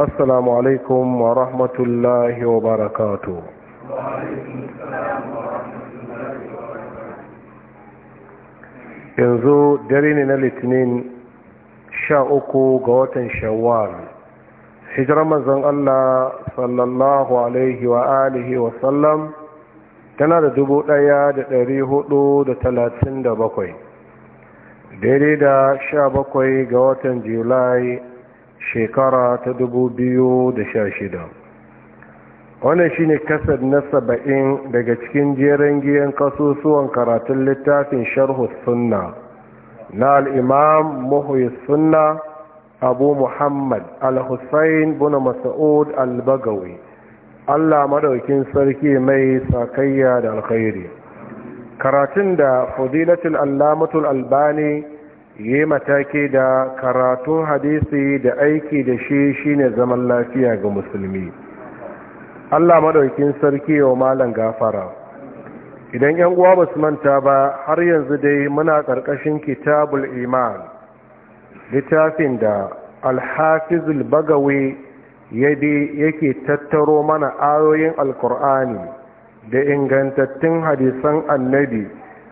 السلام عليكم ورحمة الله وبركاته yanzu dare ne na litinin sha uku ga watan shawwal hijirar manzon Allah sallallahu alaihi wa alihi wa sallam tana da dubu ɗaya da ɗari hudu da talatin da bakwai dare da sha bakwai ga watan julai shekara ta dubu biyu da sha shida. wannan shine kasar na saba'in daga cikin jeren giyan kasusuwan karatun littafin sharhu sunna na al'imam muhuyi sunna abu muhammad al-hussein buna masa'ud al-bagawi allah madaukin sarki mai sakayya da alkhairi karatun da fadilatul allamatul albani yi mataki da karatu hadisi da aiki da shi shine zaman lafiya ga musulmi Allah maɗaukin sarki wa malam gafara idan yan uwa ba manta ba har yanzu dai muna ƙarƙashin kitabul iman littafin da alhafizul bagawi yadi yake tattaro mana ayoyin alkur'ani da ingantattun hadisan annabi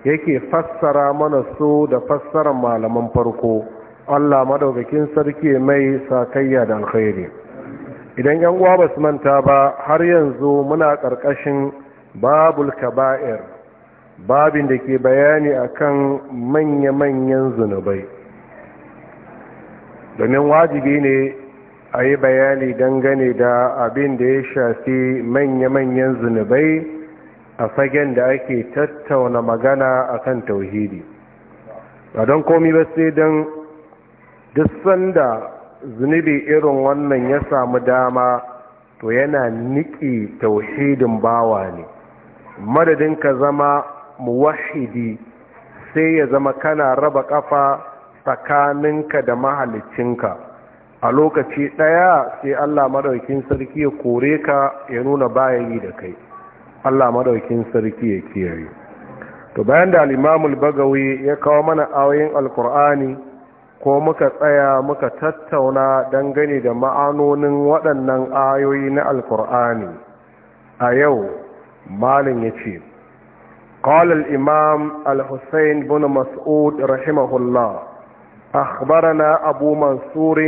yake fassara mana su da fassarar malaman farko Allah madaukakin sarki mai sakayya da alkhairi idan yan uwa basu manta ba har yanzu muna ƙarƙashin babul kaba'ir babin da ke bayani akan manya-manyan zunubai domin wajibi ne a yi bayani dangane da abin da ya shafi manya-manyan zunubai a fagen da ake tattauna magana a kan tauhidi ba don komi ba sai don duk sanda zunubi irin wannan ya samu dama to yana niki tauhidin bawa ne madadin ka zama muwahidi sai ya zama kana raba kafa tsakaninka da mahalicinka a lokaci ɗaya sai Allah maɗaukin sarki ya kore ka ya nuna bayan da kai Allah madaukin sarki ya kiyaye to bayan da al-Imam bagawi ya kawo mana ayoyin Al-Qur'ani ko muka tsaya muka tattauna dangane da ma'anonin waɗannan ayoyi na Al-Qur'ani a yau malin yace قال الإمام الحسين بن مسعود رحمه الله أخبرنا أبو منصور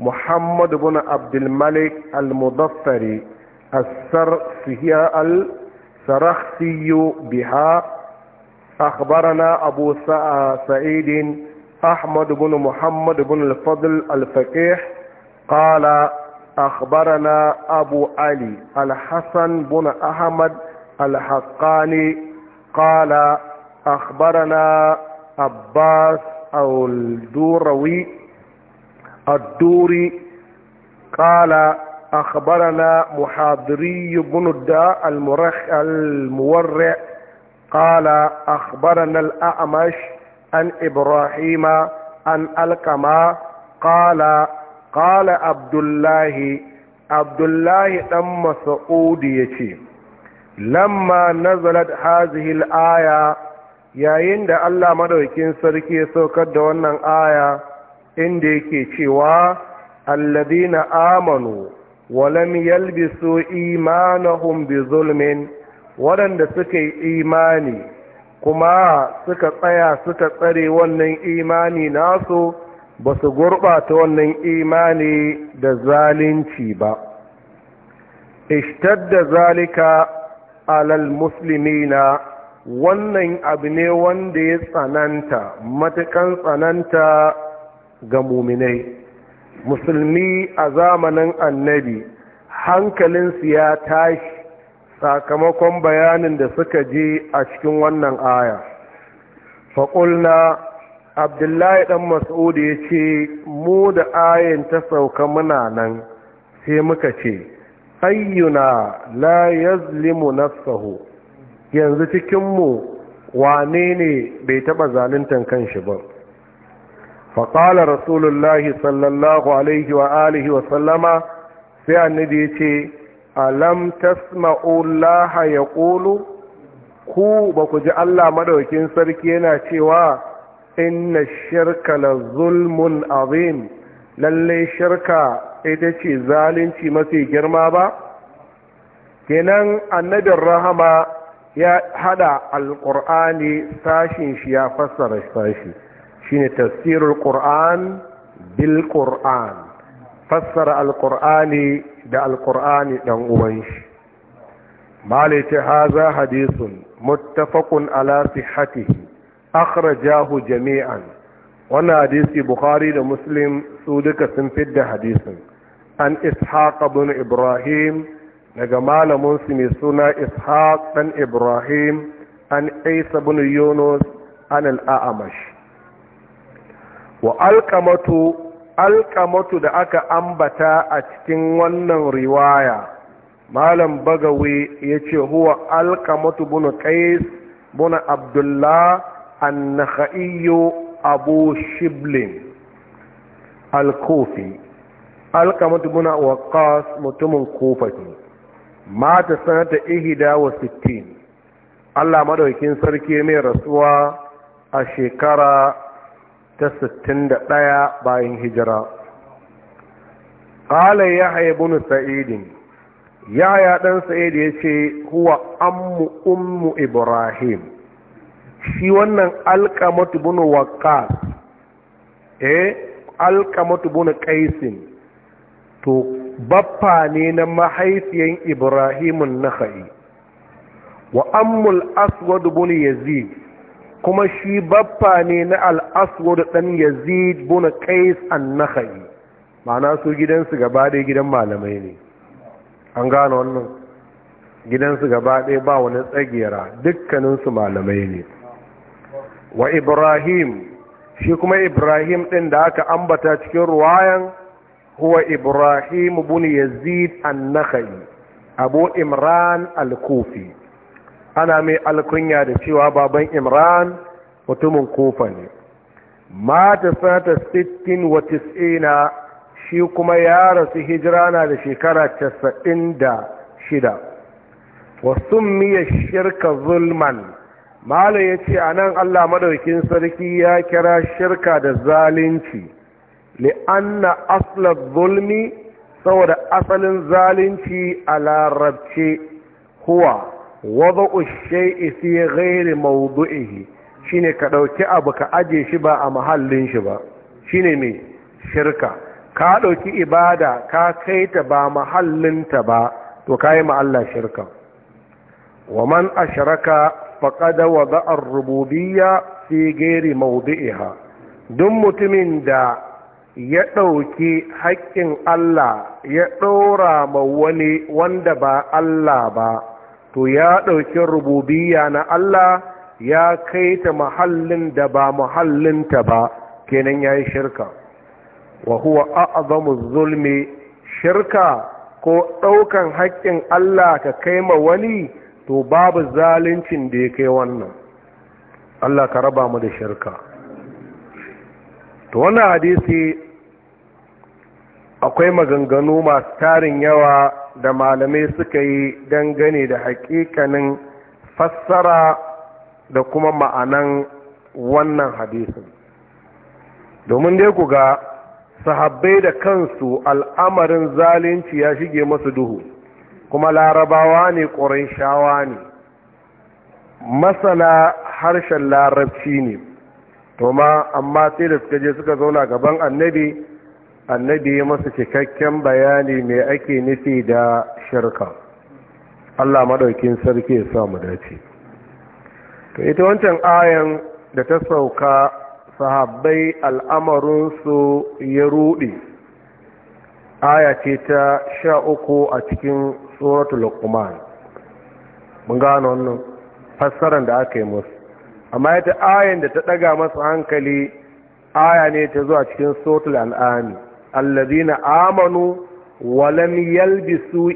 محمد بن عبد الملك المضفري السر فيها السرخسي بها أخبرنا أبو سعيد أحمد بن محمد بن الفضل الفقيه قال أخبرنا أبو علي الحسن بن أحمد الحقاني قال أخبرنا عباس أو الدوروي الدوري قال أخبرنا محاضري بن الداء المورع قال أخبرنا الأعمش عن إبراهيم عن الكما قال قال عبد الله عبد الله بن مسعود يتي لما نزلت هذه الآية yayin da Allah madaukakin sarki ya saukar da wannan aya inda yake cewa alladina amanu walam yalbisu imanahum bi zulmin waɗanda suka yi imani kuma suka tsaya suka tsare wannan imani nasu basu gurbata gurɓata wannan imani da zalunci ba ishtadda zalika alal muslimina wannan abu ne wanda ya tsananta matukan tsananta ga muminai musulmi a zamanin annabi hankalinsu ya tashi sakamakon bayanin da suka je a cikin wannan aya faƙulna abdullahi ɗan mas'udi ya ce mu da ayin ta sauka muna nan sai muka ce ayyuna la yazlimu nafsahu yanzu cikinmu wane ne bai taɓa zaluntan shi ba faƙalar rasulullahi sallallahu alaihi wa wa sallama sai annabi ya ce alam tasma'ullaha ya ƙulu ku ba ku ji allah maɗaukin sarki yana cewa inna shirka la zulmun azim lallai shirka ita ce zalunci mafi girma ba kenan annabin rahama ya hada alƙur'ani sashin shi ya fassara sashi shine tafsirul qur'an bil qur'an fassara alqur'ani da alqur'ani dan uwan shi malaita haza hadisun muttafaqun ala sihhatihi akhrajahu jami'an wannan hadisi bukhari da muslim su duka sun fidda hadisin an ishaq ibn ibrahim daga malamin su mai suna ishaq dan ibrahim an isa ibn yunus an al-a'mash wa alkamatu alkamatu da aka ambata a cikin wannan riwaya malam bagawi ya ce huwa alkamatu bunu qais bunu abdullah annahaiyu abu shiblin alkofi alkamatu bunu waqas mutumin kofati mata sanata ihida wa sittin allah madaukin sarki mai rasuwa a shekara ta sittin da ɗaya bayan hijira qala yahya sa’idin, ya ya dan sa'id ce huwa ammu ummu ibrahim shi wannan alqamatu ibn waqqas eh alƙamatu bunu ƙaisin, to baffa ne na mahaifiyan ibrahimun nakhai wa ammul aswad bunu yazid kuma shi baffa ne na al'aswar ɗan yazid buna kais, an-nakhai ma'ana su gidansu gaba ɗaya gidan malamai ne an gano wannan gidansu gaba ɗaya ba wani tsagera dukkaninsu malamai ne wa ibrahim shi kuma ibrahim ɗin da aka ambata cikin ruwayan huwa ibrahim buna yazid an-nakhai abu imran al-kufi ana mai alkunya da cewa baban imran mutumin kofa ne mata sata Sittin wa shi kuma ya rasu hijira na da shekara 96 Wasu miya shirka zulman malam ya ce a nan allah madaukin sarki ya kira shirka da zalunci li'anna aslar zulmi saboda asalin zalunci a larabce huwa isi ya gairi ghairi shi ne ka ɗauki abu ka aje shi ba a mahallin shi ba shine me shirka ka ɗauki ibada ka kai ta ba mahallinta ta ba to kai ma Allah shirka wa man ashraka faqad wada'a ar-rububiyya fi gairi mawdi'iha duk mutumin da ya ɗauki haƙƙin Allah ya ɗora ma wani wanda ba Allah ba to ya ɗauki rububiya na Allah ya kai ta mahallin da ba mahallinta ba kenan ya yi shirka wa huwa a'azamu zulmi shirka ko ɗaukan haƙƙin Allah ka kai ma wani to babu zaluncin da ya kai wannan Allah ka raba mu da shirka to wannan hadisi akwai maganganu masu tarin yawa da malamai suka yi dangane da hakikanin fassara da kuma ma'anan wannan hadisin domin dai ku ga sahabbai da kansu al'amarin zalunci ya shige masu duhu kuma larabawa ne ƙorin shawa ne masana harshen larabci ne to ma amma sai da suka je suka zauna gaban annabi annabi ya masa cikakken bayani mai ake nufi da shirka Allah maɗaukin sarki ya samu dace to ita wancan ayan da ta sauka sahabbai al'amarinsu ya rudi aya ce ta sha uku a cikin suratul luqman mun gano wannan fassarar da aka yi musu amma ita ayan da ta ɗaga masu hankali aya ne ta zuwa cikin suratul an'ami alladhina amanu wa lam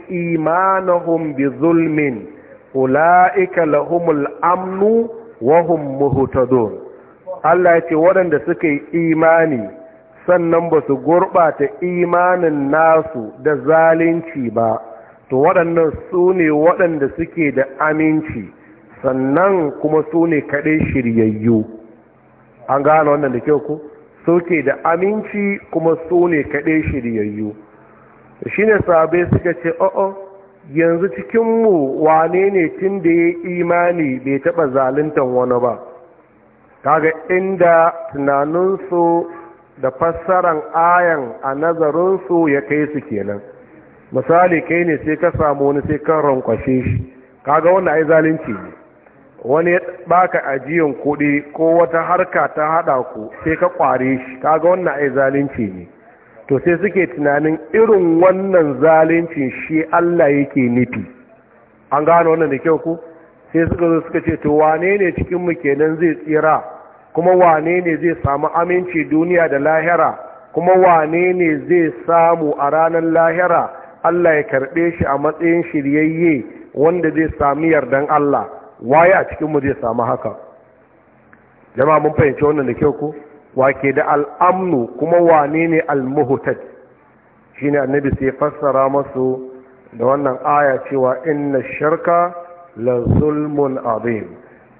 imanahum bi zulmin ulaika lahumul amnu wa Allah ya ce waɗanda suka yi imani sannan ba su gurɓata imanin nasu da zalunci ba to waɗannan su waɗanda suke da aminci sannan kuma sune kaɗai shiryayyu an gane wannan da kyau ko. suke da aminci kuma su ne kaɗai shiryayyu shi ne sahabai suka ce o'o oh, oh, yanzu cikinmu wane ne tun da ya imani bai taɓa zaluntan wani ba kaga inda tunaninsu da fassaran ayan a nazarinsu ya kai su kenan misali kai ne sai ka samu wani sai kan rankwashe shi kaga wannan ai zalunci ne wani ya baka ajiyan kuɗi ko wata harka ta haɗa ku sai ka kware shi kaga wannan ai zalunci ne to sai suke tunanin irin wannan zaluncin shi Allah yake nufi an gano wannan da kyau ku sai suka zo suka ce to wane ne cikin mu kenan zai tsira kuma wane ne zai samu aminci duniya da lahira kuma wane ne zai samu a ranar lahira Allah ya karɓe shi a matsayin shiryayye wanda zai sami yardan Allah waye a cikinmu zai samu haka jama'a mun fahimci wannan da kyau ko wake da al'amnu kuma wane ne al-muhtad shine annabi sai fassara masu da wannan aya cewa inna shirka la zulmun azim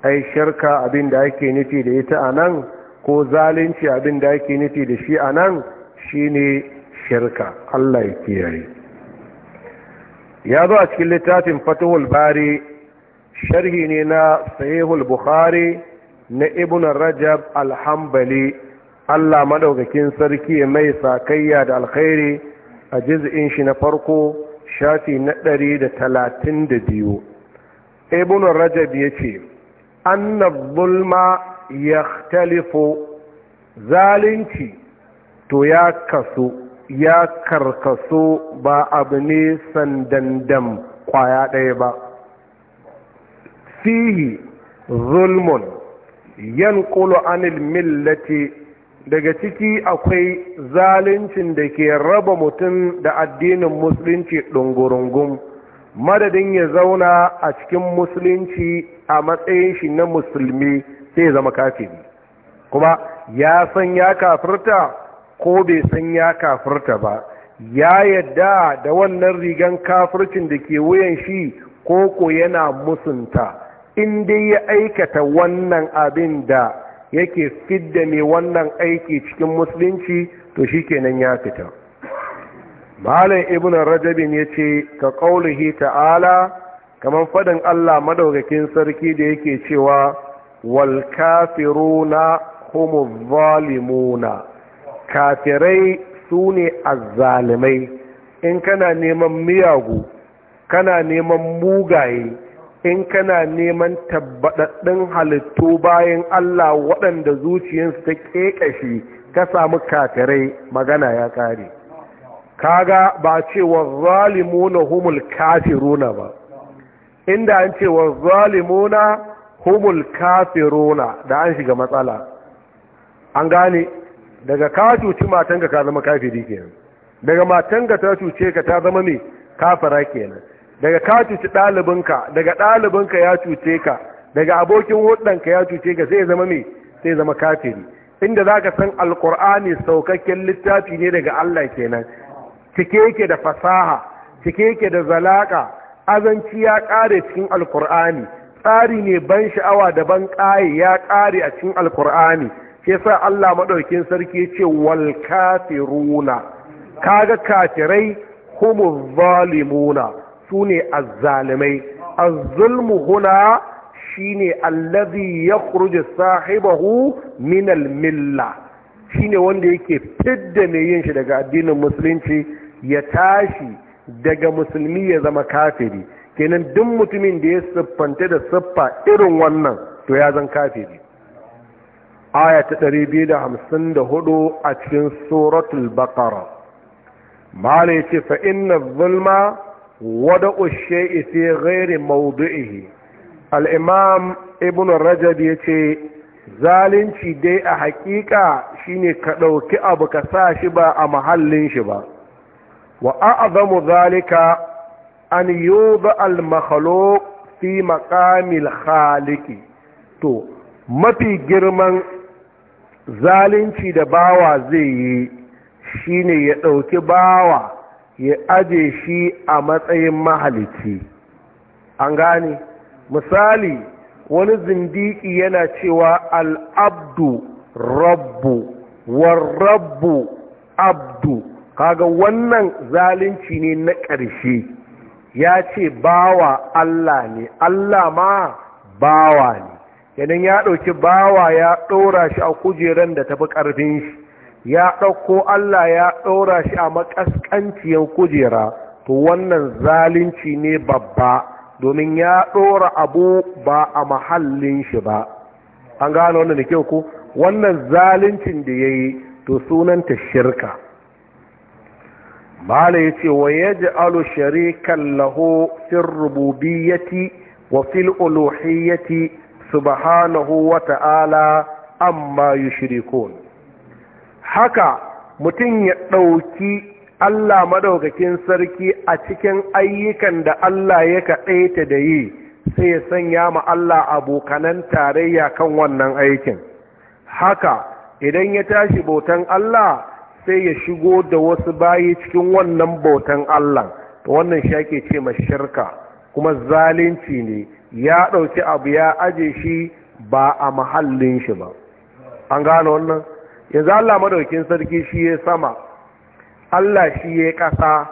ai shirka abin da ake nufi da ita anan ko zalunci abin da ake nufi da shi anan shine shirka Allah ya kiyaye ya zo a cikin littafin fatuhul Bari sharhi ne na sahihul bukhari na ibn rajab alhambali allah madaukakin sarki mai sakayya da alkhairi a jiz'in shi na farko shafi na ɗari da talatin da biyu ibn rajab ya ce annab zulma ya zalunci to ya kasu ya karkasu ba abu ne sandandam kwaya ɗaya ba فيه zulmun ينقل anil millati daga ciki akwai zaluncin da ke raba mutum da addinin musulunci ɗungurungun madadin ya zauna a cikin musulunci a matsayin shi na musulmi sai zama kafiri kuma ya san ya kafirta ko bai san ya kafirta ba ya yadda da wannan rigan kafircin da ke wuyan shi ko ko yana musunta in dai ya aikata wannan abin da yake fidda mai wannan aiki cikin musulunci to shi kenan ya fita malam ibn rajabin ya ce ka ƙaunuhi ta'ala kamar faɗin allah madaukakin sarki da yake cewa wal kafiruna humu zalimuna kafirai su ne azzalimai in kana neman miyagu kana neman mugaye in kana neman tabbadaddun halittu bayan Allah waɗanda zuciyarsu ta ƙeƙashe ka samu katirai magana ya ƙare kaga ba cewa zalimuna humul kafiruna ba inda an cewa zalimuna humul kafiruna da an shiga matsala an gane daga ka cuci matanka ka zama kafiri kenan daga matanka ta cuce ka ta zama mai kafira kenan daga ka cuci ɗalibinka daga ɗalibinka ya cuce ka daga abokin hudanka ya cuce ka sai zama me sai zama kafiri inda za ka san alkur'ani saukakken littafi ne daga Allah kenan cike yake da fasaha cike yake da zalaka azanci ya ƙare cikin alkur'ani tsari ne ban sha'awa da ban ƙaye ya ƙare a cikin alkur'ani ke sa Allah maɗaukin sarki ce wal kafiruna kaga kafirai humu zalimuna su ne azzalimai azzulmu huna shine allazi yakhruju sahibahu minal milla milla shine wanda yake fidda mai yin shi daga addinin musulunci ya tashi daga musulmi ya zama kafiri kenan duk mutumin da ya siffanta da siffa irin wannan to ya zan kafiri aya ta 254 a cikin suratul baqara ya ce fa inna zulma wada ushe fi ghairi mawdu'ihi al-imam ibn rajab ce, zalunci dai a hakika shine ka ɗauki abu ka sa shi ba a mahallin shi ba wa a'zamu zalika an yuba al-makhluq fi maqamil khaliqi to mafi girman zalunci da bawa zai yi shine ya ɗauki bawa ya aje shi a matsayin mahalici an gane misali wani zindiki yana cewa al'abdu rabbu Rabbu abdu kaga wannan zalunci ne na ƙarshe ya ce bawa Allah ne Allah ma bawa ne yanin ya ɗauki bawa ya ɗora shi a kujeran da tafi ƙarfin shi ya ɗauko Allah ya ɗora shi a makaskanciyar kujera to wannan zalunci ne babba domin ya ɗora abu ba a mahallin shi ba an gano wannan da kyau ko wannan zaluncin da ya yi to sunanta shirka bala ya ce wa ya ji alo sharikan laho fin rububiyyati wa fil uluhiyyati subhanahu wa ta'ala amma yushrikun haka mutum ya ɗauki Allah madaukakin sarki a cikin ayyukan da Allah ya kaɗaita da yi sai ya sanya ma Allah abokanan tarayya kan wannan aikin haka idan ya tashi bautan Allah sai ya shigo da wasu bayi cikin wannan bautan Allah Wannan wannan ake ce ma shirka kuma zalunci ne ya ɗauki abu ya aje shi ba a mahallin shi ba an gane wannan yanzu Allah madaukin sarki shi ya sama Allah shi ya ƙasa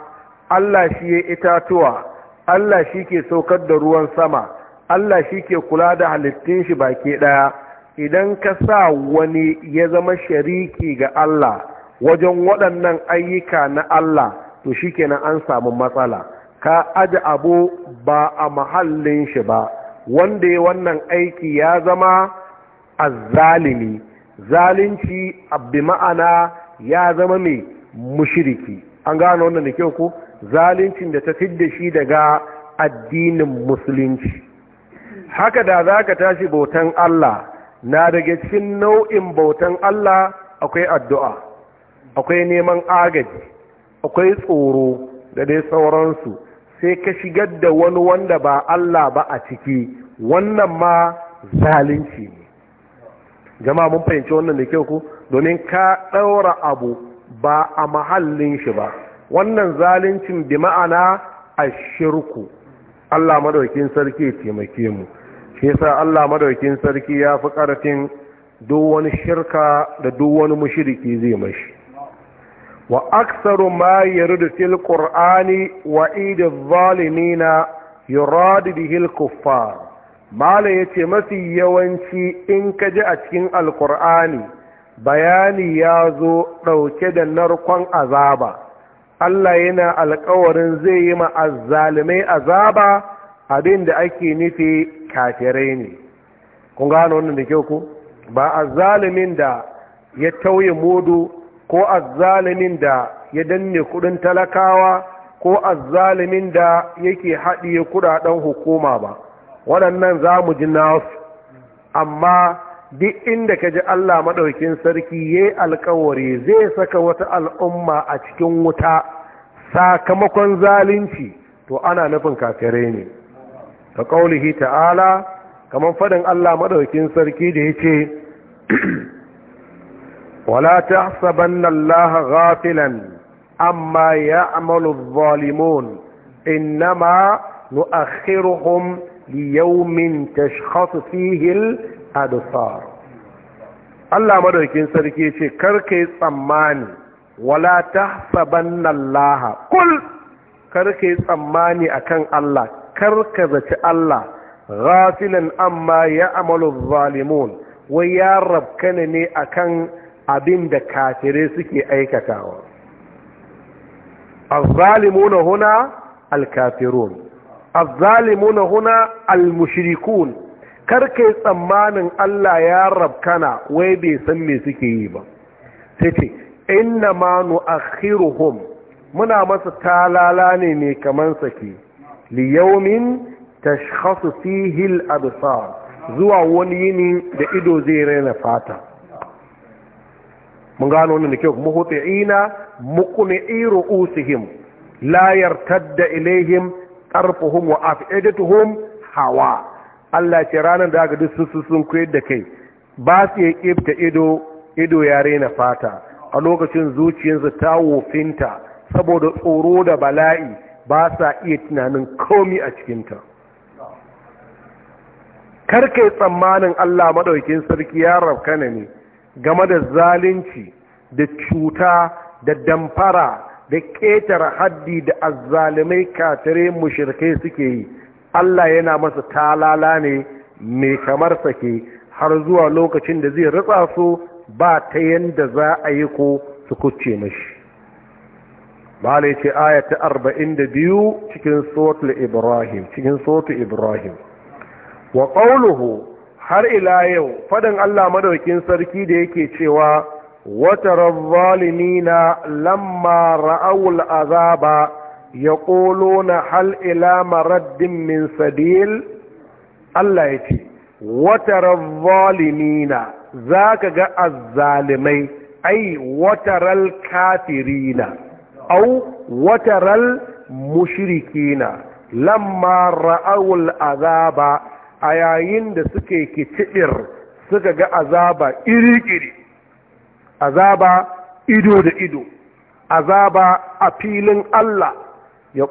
Allah shi ya itatuwa Allah shi ke saukar da ruwan sama Allah shi ke kula da halittun shi baki ɗaya idan ka sa wani ya zama shariki ga Allah wajen waɗannan ayyuka na Allah to shi kenan an samu matsala ka aji abu ba a mahallin shi ba wanda ya wannan aiki ya zama azzalimi zalunci abu ma'ana ya zama mai mushiriki an gano wannan da kyau ku. zaluncin da ta fidda shi daga addinin musulunci haka da za ka tashi bautan Allah na daga cikin nau'in bautan Allah akwai addu'a akwai neman agaji akwai tsoro da dai sauransu sai ka shigar da wani wanda ba Allah ba a ciki wannan ma zalunci ne jama'a mun fahimci wannan da kyau ko domin ka ɗaura abu ba a mahallin shi ba wannan zaluncin bi ma'ana a shirku Allah madaukin sarki taimake mu shi yasa Allah madaukin sarki ya fi ƙarfin duk wani shirka da duk wani mushriki zai mashi wa aktsaru ma yuridu fil qur'ani wa idiz zalimina yuradu bihi al kuffar mala ya ce mafi yawanci in ka ji a cikin alkur'ani bayani ya zo ɗauke da narkon azaba Allah yana alkawarin zai yi ma'azzalimai azaba abin da ake nufi kafirai ne kun gano wannan da kyau ku ba azzalimin da ya tauye modu ko azzalimin da ya danne kudin talakawa ko azzalimin da yake haɗiye kudaden hukuma ba waɗannan za mu ji nasu amma duk inda ka ji Allah maɗaukin sarki ya yi alkawari zai saka wata al'umma a cikin wuta sakamakon zalunci to ana nufin kakare ne Ka ƙaunihi ta'ala kamar faɗin Allah maɗaukin sarki da ya ce wala ta saban Allah gafilan, amma ya amalu zalimun innama nu'akhiruhum liyaumin tashkhasu fihil adusar Allah madaukin sarki ce karka yi tsammani wala tahsabanna Allah kul karka yi tsammani akan Allah kar ka zaci Allah ghafilan amma ya'malu zalimun wai ya rabkana ne akan abin da kafirai suke aikatawa az na huna al-kafirun azzalimuna huna almushrikun kar kai tsammanin Allah ya rabkana wai bai san me suke yi ba sai ce inna ma nu'akhiruhum muna masa talala ne mai kaman sake li yawmin tashkhasu fihi al-absar zuwa wani yini da ido zai raina fata mun gano wannan da kyau muhti'ina muqni'i ru'usihim la yartadda ilaihim tarfuhum wa afidatuhum hawa Allah ce ranar da aka duk sun koyar da kai ba su yi kibta ido ido ya rena fata a lokacin zuciyarsa ta wofinta saboda tsoro da bala'i ba sa iya tunanin komi a cikinta karkai tsammanin Allah maɗaukin sarki ya rafkana ne game da zalunci da cuta da damfara da ƙetare haddi da azzalimai katare mushirke suke yi Allah yana masa talala ne mai kamar sake har zuwa lokacin da zai ritsa su ba ta yanda za a yi ko su kucce mashi ba ya ce aya ta arba'in da biyu cikin sotul ibrahim cikin ibrahim wa ƙauluhu har ila yau faɗin allah madaukin sarki da yake cewa وترى الظالمين لما رأوا العذاب يقولون هل إلى مرد من سبيل الله يتي وترى الظالمين ذاك جاء الظالمين أي وترى الكافرين أو وترى المشركين لما رأوا العذاب أيين da suke kicir suka ga azaba iri-iri azaba ido da ido azaba a filin Allah ya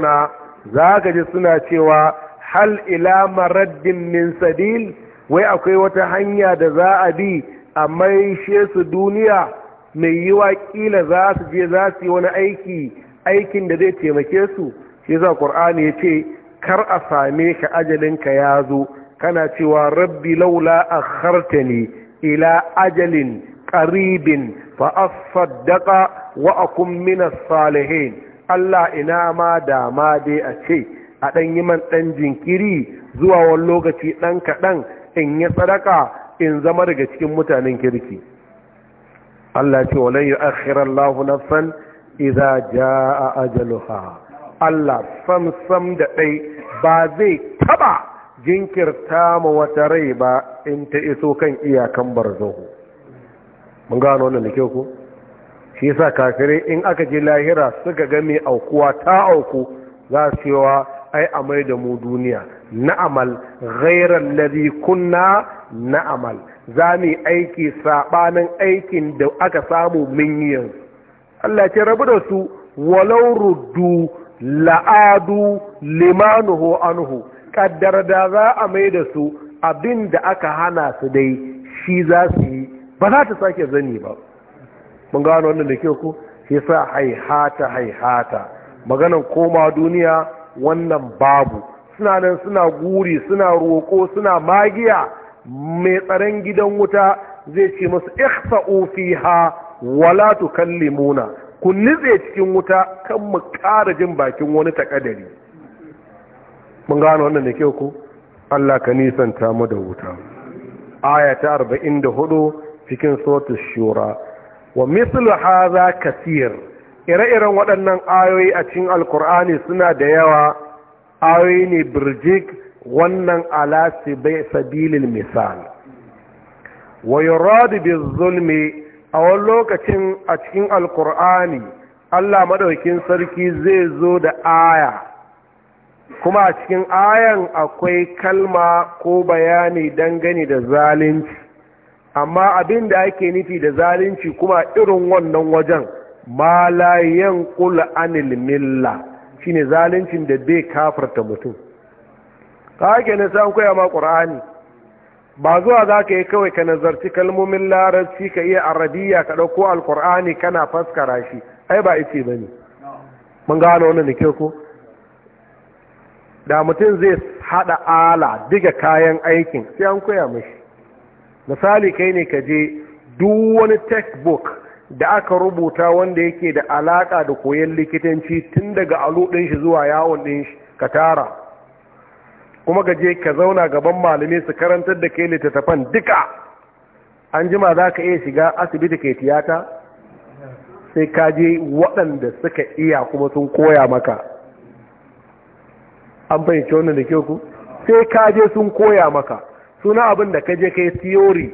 na za ka ji suna cewa hal ila maraddin min sadil wai akwai wata hanya da za a bi a maishe su duniya mai yiwa kila za su je za su yi wani aiki aikin da zai taimake su shi za ƙur'ani ya ce kar a same ka ajalinka ya zo kana cewa rabbi laula a harta ila ajalin Ƙaribin fa asaddaqa wa akum salihin Allah ina ma da ma a ce a dan yi man dan jinkiri zuwa wani lokaci ɗan kaɗan, in yi sadaka in zama daga cikin mutanen kirki Allah ce wala yu'akhirallahu nafsan idza jaa ajaluha Allah sam sam da dai ba zai taba jinkirta ma wata rai ba in ta iso kan iyakan barzahu mun gano wannan da kyau ko shi yasa kafirai in aka je lahira suka ga mai aukuwa ta auku za su cewa ai amai da mu duniya na'amal ghairan ladhi kunna na'amal za mu aiki sabanin aikin da aka samu mun yi Allah ce rabu da su walau ruddu la'adu limanuhu anhu kaddar da za a mai da su abin da aka hana su dai shi za su yi ba za ta sake zani ba mun gano wannan da kyau ko shi sa haihata haihata maganan koma duniya wannan babu suna nan suna guri suna roko suna magiya mai tsaron gidan wuta zai ce masu ikhsa'u fiha wala tukallimuna ku nitse cikin wuta kan mu ƙara jin bakin wani takadari mun gano wannan da kyau ko Allah ka nisanta mu da wuta aya ta 44 cikin sotu shura wa mislu haza kasir ire-iren waɗannan ayoyi a cikin alkur'ani suna da yawa ayoyi ne birjik wannan Alasi bai sabilin misal wa yuradu zulmi a wani lokacin a cikin alkur'ani Allah maɗaukin sarki zai zo da aya kuma a cikin ayan akwai kalma ko bayani dangane da zalunci amma abin da ake nufi da zalunci kuma irin wannan wajen ma la anil milla shine zaluncin da bai kafarta mutum Ka kage ne an koya ma qur'ani ba zuwa zaka yi kawai ka nazarci kalmomin larabci ka iya arabiya ka dauko alqur'ani kana faskara shi ai ba ice bane mun gano wannan ne ko da mutum zai hada ala diga kayan aikin sai an koya mishi misali kai ne ka je duk wani textbook da aka rubuta wanda yake da alaka da koyon likitanci tun daga alu ɗin shi zuwa yawon ɗin shi ka tara kuma ka ka zauna gaban malamai su karantar da kai littattafan duka an jima za ka iya shiga asibiti kai tiyata sai ka je waɗanda suka iya kuma sun koya maka an fahimci wannan da kyau ku sai ka je sun koya maka suna abin da ka je kai theory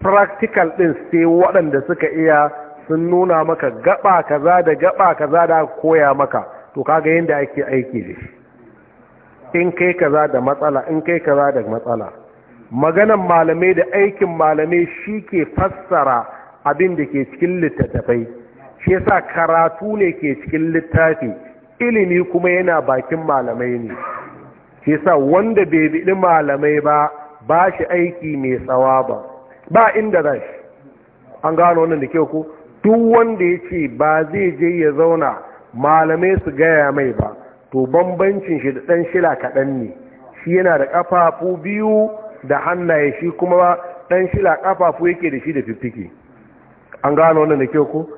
practical ɗin sai waɗanda suka iya sun nuna maka gaba kaza da gaba kaza da koya maka to kaga yadda ake aiki da shi in kai kaza da matsala in kai kaza da matsala maganan malamai da aikin malamai shi ke fassara abin da ke cikin littattafai shi yasa karatu ne ke cikin littafi ilimi kuma yana bakin malamai ne shi yasa wanda bai biɗi malamai ba ba shi aiki mai tsawa ba ba inda za shi an gano wannan da kyau ku? duk wanda ya ce ba zai je ya zauna malamai su gaya mai ba to bambancin shi da ɗan shila kaɗan ne shi yana da ƙafafu biyu da hannaye shi kuma ba ɗan shila ƙafafu yake da shi da fiffike an gano wannan da kyau ku?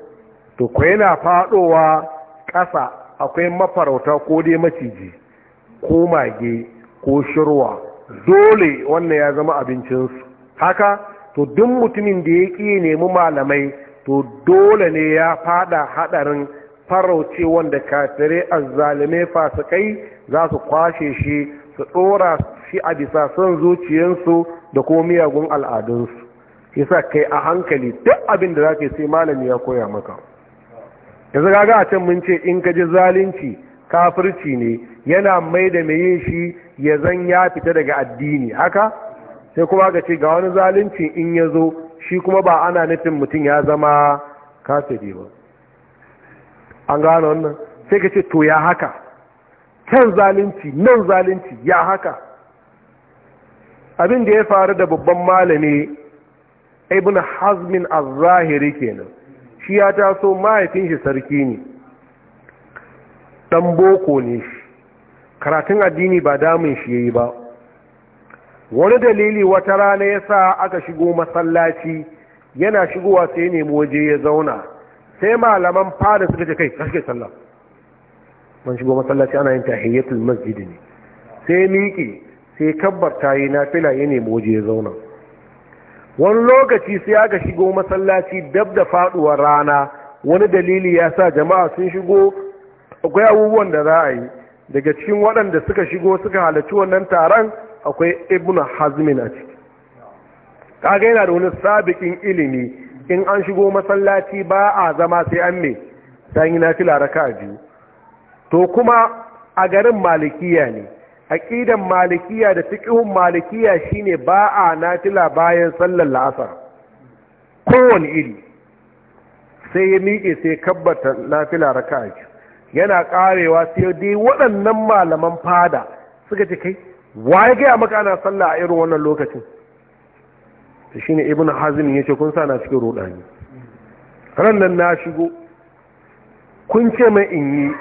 to ko yana faɗowa ƙasa akwai mafarauta ko dai maciji ko mage ko shirwa dole wannan ya zama abincinsu haka to duk mutumin da ya ƙi nemi malamai to dole ne ya fada hadarin farauce wanda kafirai azzalume fasikai za su kwashe shi su ɗora shi a bisa son zuciyarsu da kuma miyagun al'adunsu yasa kai a hankali duk abin da za zaka sai malami ya koya maka yanzu kaga a can mun ce in ka ji zalunci kafirci ne yana mai da mai yin shi ya zan ya fita daga addini haka sai kuma ga ce ga wani zalunci in ya zo shi kuma ba ana nufin mutum ya zama kafiri ba an gano wannan sai ka ce to ya haka can zalunci nan zalunci ya haka abin da ya faru da babban malami ibn hazmin a zahiri kenan shi ya taso mahaifin shi sarki ne ɗan boko ne shi karatun addini ba damun shi yayi ba wani dalili wata rana ya sa aka shigo masallaci yana shigowa sai ya nemi waje ya zauna sai malaman fada suka ce kai kashe sallah man shigo masallaci ana yin tahiyyatul masjid ne sai miƙe sai kabbar tayi nafila ya nemi waje ya zauna wani lokaci sai aka shigo masallaci dab da faduwar rana wani dalili ya sa jama'a sun shigo akwai abubuwan da za a yi daga cikin waɗanda suka shigo suka halarci wannan taron akwai ibn hazmin a ciki kaga yana da wani sabikin ilimi in an shigo masallaci ba a zama sai an me ta yi na fila raka biyu to kuma a garin malikiya ne aƙidan malikiya da fiƙihun malikiya shine ba a nafila bayan sallar la'asar kowane iri sai ya miƙe sai kabbata nafila raka biyu yana karewa sai dai waɗannan malaman fada suka ce kai wa ya gaya maka ana sallah a irin wannan lokacin da ne ibn hazin ya ce kun sa na cikin rudani ran na shigo kun ce man in yi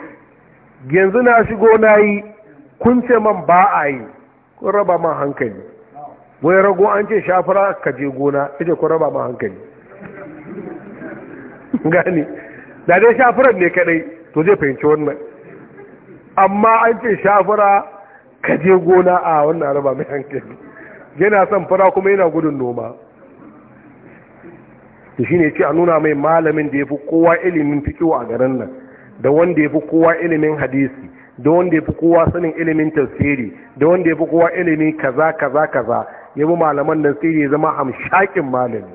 yanzu na shigo na yi kun ce man ba a yi kun raba man hankali wai rago an ce shafara ka je gona ita kun raba man hankali gani da dai shafarar ne kadai to zai fahimci wannan amma an ce shafura ka je gona a wannan raba mai hankali yana son fara kuma yana gudun noma da shi ne ce a nuna mai malamin da ya fi kowa ilimin fikiwa a garin nan da wanda ya fi kowa ilimin hadisi da wanda ya fi kowa sanin ilimin tasiri da wanda ya fi kowa ilimin kaza kaza kaza ya bi malaman nan sai ya zama hamshakin malami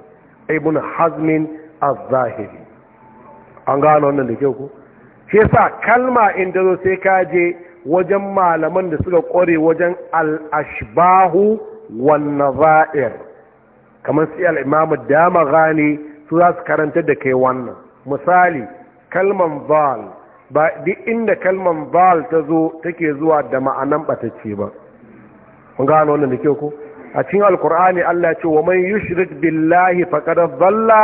ibn hazmin az-zahiri an gano wannan da kyau ko shi yasa kalma in zo sai ka je wajen malaman da suka kware wajen al-ashbahu wan kamar sai al-imam gani su za su karanta da kai wannan misali kalman zal ba duk inda kalman zal ta zo take zuwa da ma'anan batacce ba Kun gano wannan da ke ko a cikin alkur'ani Allah ce wa man yushrik billahi faqad dhalla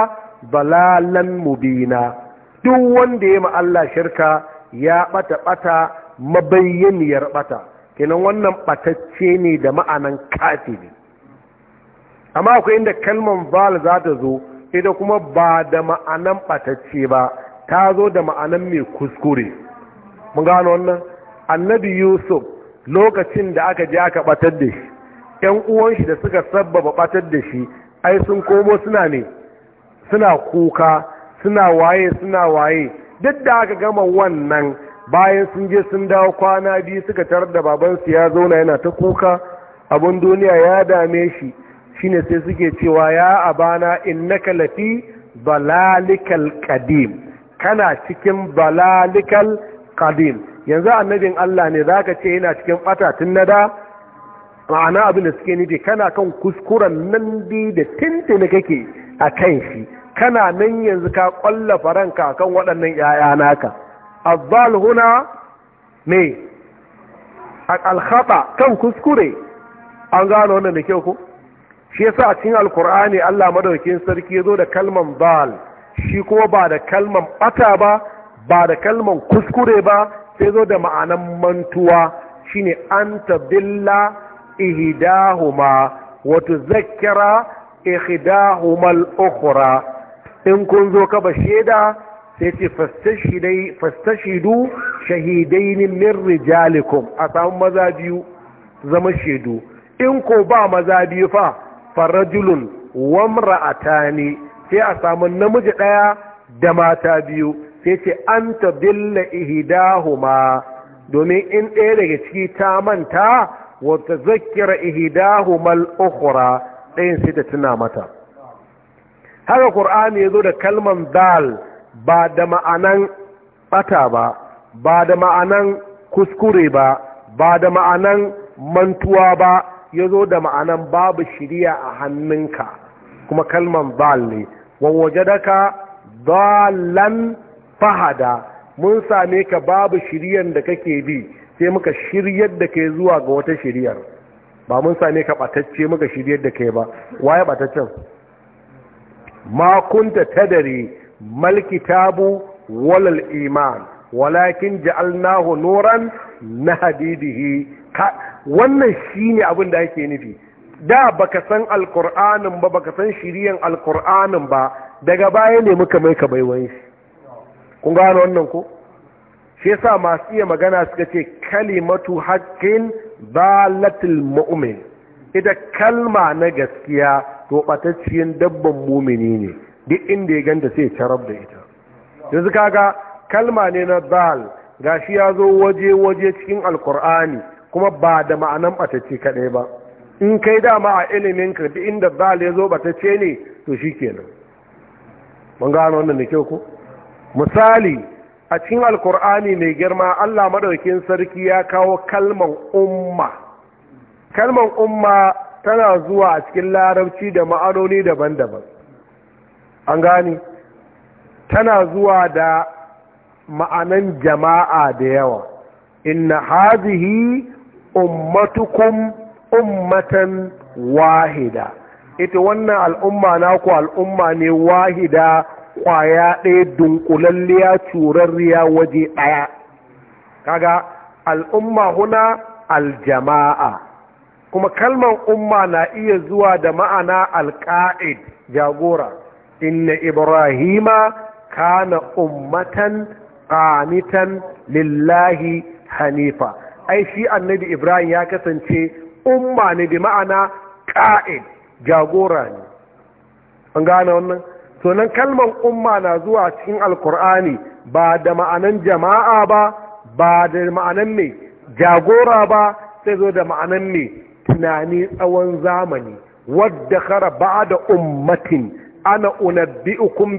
dalalan mubina duk wanda ya ma Allah shirka ya bata bata mabayyaniyar bata kenan wannan batacce ne da ma'anan kafiri amma akwai inda kalman bal za ta zo ita kuma ba da ma'anan batacce ba ta zo da ma'anan mai kuskure mun gano wannan annabi yusuf lokacin da aka je aka batar da shi yan uwan shi da suka sabbaba batar da shi ai sun komo suna ne suna kuka suna waye suna waye duk da aka gama wannan bayan sun je sun dawo kwana biyu suka tare da babansu ya zauna yana ta kuka abin duniya ya dame shi shine sai suke cewa ya abana innaka lafi balalikal qadim kana cikin balalikal qadim yanzu annabin Allah ne zaka ce yana cikin fatatin nada ma'ana abin da suke nufi kana kan kuskuren nan da tintini kake a kan shi kana nan yanzu ka ƙwallafa ranka kan waɗannan ‘ya'ya naka azal huna ne alkhata kan kuskure an gano wannan da kyau ko shi yasa a cikin alkur'ani Allah madaukin sarki ya zo da kalman bal shi ko ba da kalman ɓata ba ba da kalman kuskure ba sai zo da ma'anan mantuwa shine anta billa ihdahuma wa tuzakkira ihdahuma al in kun zo kaba shaida sai ce fastashidu shahidaini min rijalikum a samu maza biyu zama shaidu in ko ba maza biyu fa farajulun Tani. sai a samu namiji ɗaya da mata biyu sai ce an ta dilla ihidahuma domin in ɗaya daga ciki ta manta wata zakira ihidahumal ukhra ɗayan sai ta tuna mata haka ƙur'ani ya zo da kalman dal ba da ma'anan ɓata ba ba da ma'anan kuskure ba ba da ma'anan mantuwa ba ya zo da ma'anan babu shiriya a hannunka kuma kalman dal ne wawajadaka dalan fahada mun same ka babu shiriyan da kake bi sai muka shiryar da kai zuwa ga wata shiryar? ba mun same ka ɓatacce muka shiryar da kai ba waye ɓataccen ma kunta tadari mal kitabu walal iman walakin ja'alnahu nuran na hadidihi. wannan shine abin da yake nufi da baka san alqur'anin ba baka san shiriyan alqur'anin ba daga baya ne muka mai ka baiwan shi kun gano wannan ko shi yasa masu iya magana suka ce kalimatu haqqin zalatul mu'min ita kalma na gaskiya to ɓatacciyar dabban mumini ne duk inda ya ganta sai carab da ita yanzu kaga kalma ne na bal gashi ya zo waje-waje cikin alkur'ani kuma ba da ma'anan ɓatacci kaɗai ba in kai dama a ilimin ka duk inda bal ya zo ɓatacce ne to shi kenan mun gano wannan da kyau ko misali a cikin alkur'ani mai girma allah madaukin sarki ya kawo kalman umma kalman umma tana zuwa a cikin larabci da ma'anoni daban-daban an gane tana zuwa da ma'anan jama'a da yawa inna hazihi ummatukum ummatan wahida ita wannan al'umma na ku al'umma ne wahida kwaya ɗaya dunkulalliya curarriya waje ɗaya kaga al'umma huna aljama'a kuma kalman umma na iya zuwa da ma'ana alƙa'id jagora inna ibrahima kana ummatan qanitan lillahi hanifa ai shi annabi ibrahim ya kasance umma ne da ma'ana ƙa'id jagora ne an gane wannan to nan kalman umma na zuwa cikin alkur'ani ba da ma'anan jama'a ba ba da ma'anan ne jagora ba sai zo da ma'anan ne tunani tsawon zamani wadda kara ba da ummatin ana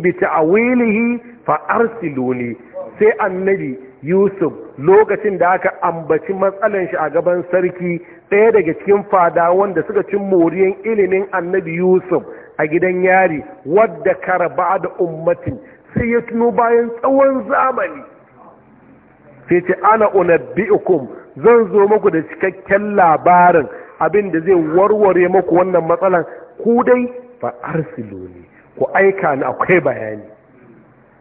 bita a wilihi fa arsiluni sai annabi Yusuf lokacin da aka ambaci matsalan shi a gaban sarki ɗaya daga cikin fada wanda suka cin moriyan ilimin annabi Yusuf a gidan yari wadda kara ba da ummatin sai ya tuno bayan tsawon zamani sai ce ana unabbi'ukum zan zo muku da cikakken labarin abin da zai warware maku wannan matsalan ku dai ba arsilu ne ku aika ni akwai bayani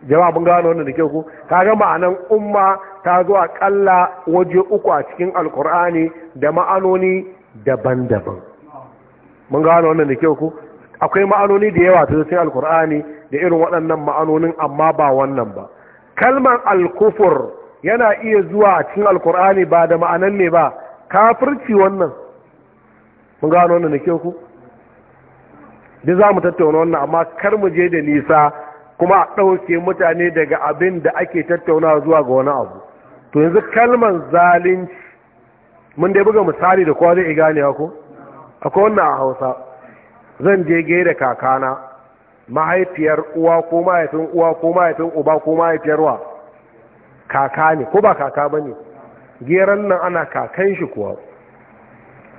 jama'a mun gano wannan da kyau ko ga ma'anan umma ta zo a kalla waje uku a cikin alkur'ani da ma'anoni daban-daban mun gano wannan da kyau ku akwai ma'anoni da yawa ta cikin alkur'ani da irin waɗannan ma'anonin amma ba wannan ba kalmar alkufur yana iya zuwa a cikin alkur'ani ba da ma'anan ne ba kafirci wannan mun gano wannan da ke ku duk za mu tattauna wannan amma kar mu je da nisa kuma a ɗauke mutane daga abin da ake tattaunawa zuwa ga wani abu to yanzu kalman zalunci mun dai buga misali da kowa zai gane ko akwai wannan a hausa zan je gai da kakana mahaifiyar uwa ko mahaifin uwa ko mahaifin uba ko mahaifiyar wa kaka ne ko ba kaka ba ne geran nan ana kakan shi kuwa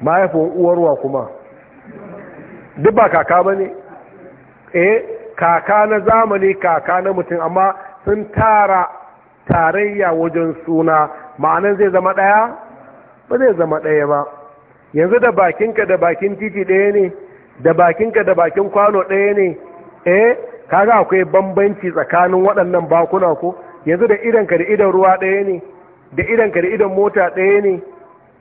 mahaifin uwarwa kuma duk ba kaka ba ne eh kaka na zamani kaka na mutum amma sun tara tarayya wajen suna ma'anan zai zama ɗaya ba zai zama ɗaya ba yanzu da bakinka da bakin titi ɗaya ne da bakinka da bakin kwano ɗaya ne eh kaga akwai bambanci tsakanin waɗannan bakuna ko yanzu da idanka da idan ruwa ɗaya ne da idanka da idan mota ɗaya ne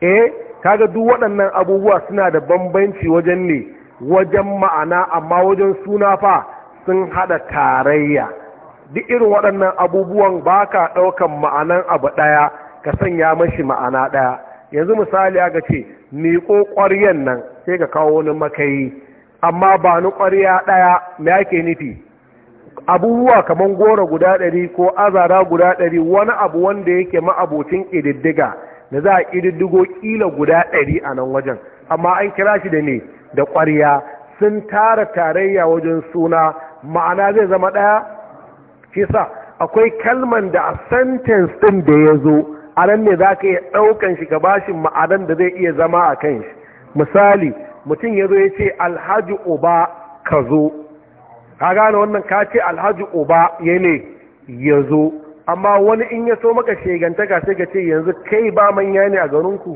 eh kaga duk waɗannan abubuwa suna da bambanci wajen ne wajen ma'ana amma wajen suna fa sun haɗa tarayya duk irin waɗannan abubuwan ba ka ɗaukan ma'anan abu ɗaya ka sanya mashi ma'ana ɗaya yanzu misali aka ce miƙo ƙwaryen nan sai ka kawo wani makayi amma ba ni ƙwarya ɗaya me ake nufi abubuwa kamar goro guda ɗari ko azara guda ɗari wani abu wanda yake ma'abocin ƙididdiga da za a ƙididdigo ƙila guda ɗari a nan wajen amma an kira shi da ne da ƙwarya sun tara tarayya wajen suna ma'ana zai zama ɗaya kisa akwai kalman da a sentence ɗin da ya zo a nan ne za ka iya ɗaukan shi ka bashin ma'adan da zai iya zama a kan shi misali mutum ya zo ya ce alhaji uba ka zo ka gane wannan ka ce alhaji uba ya ya zo amma wani in ya so maka shegantaka sai ka ce yanzu kai ba manya ne a garinku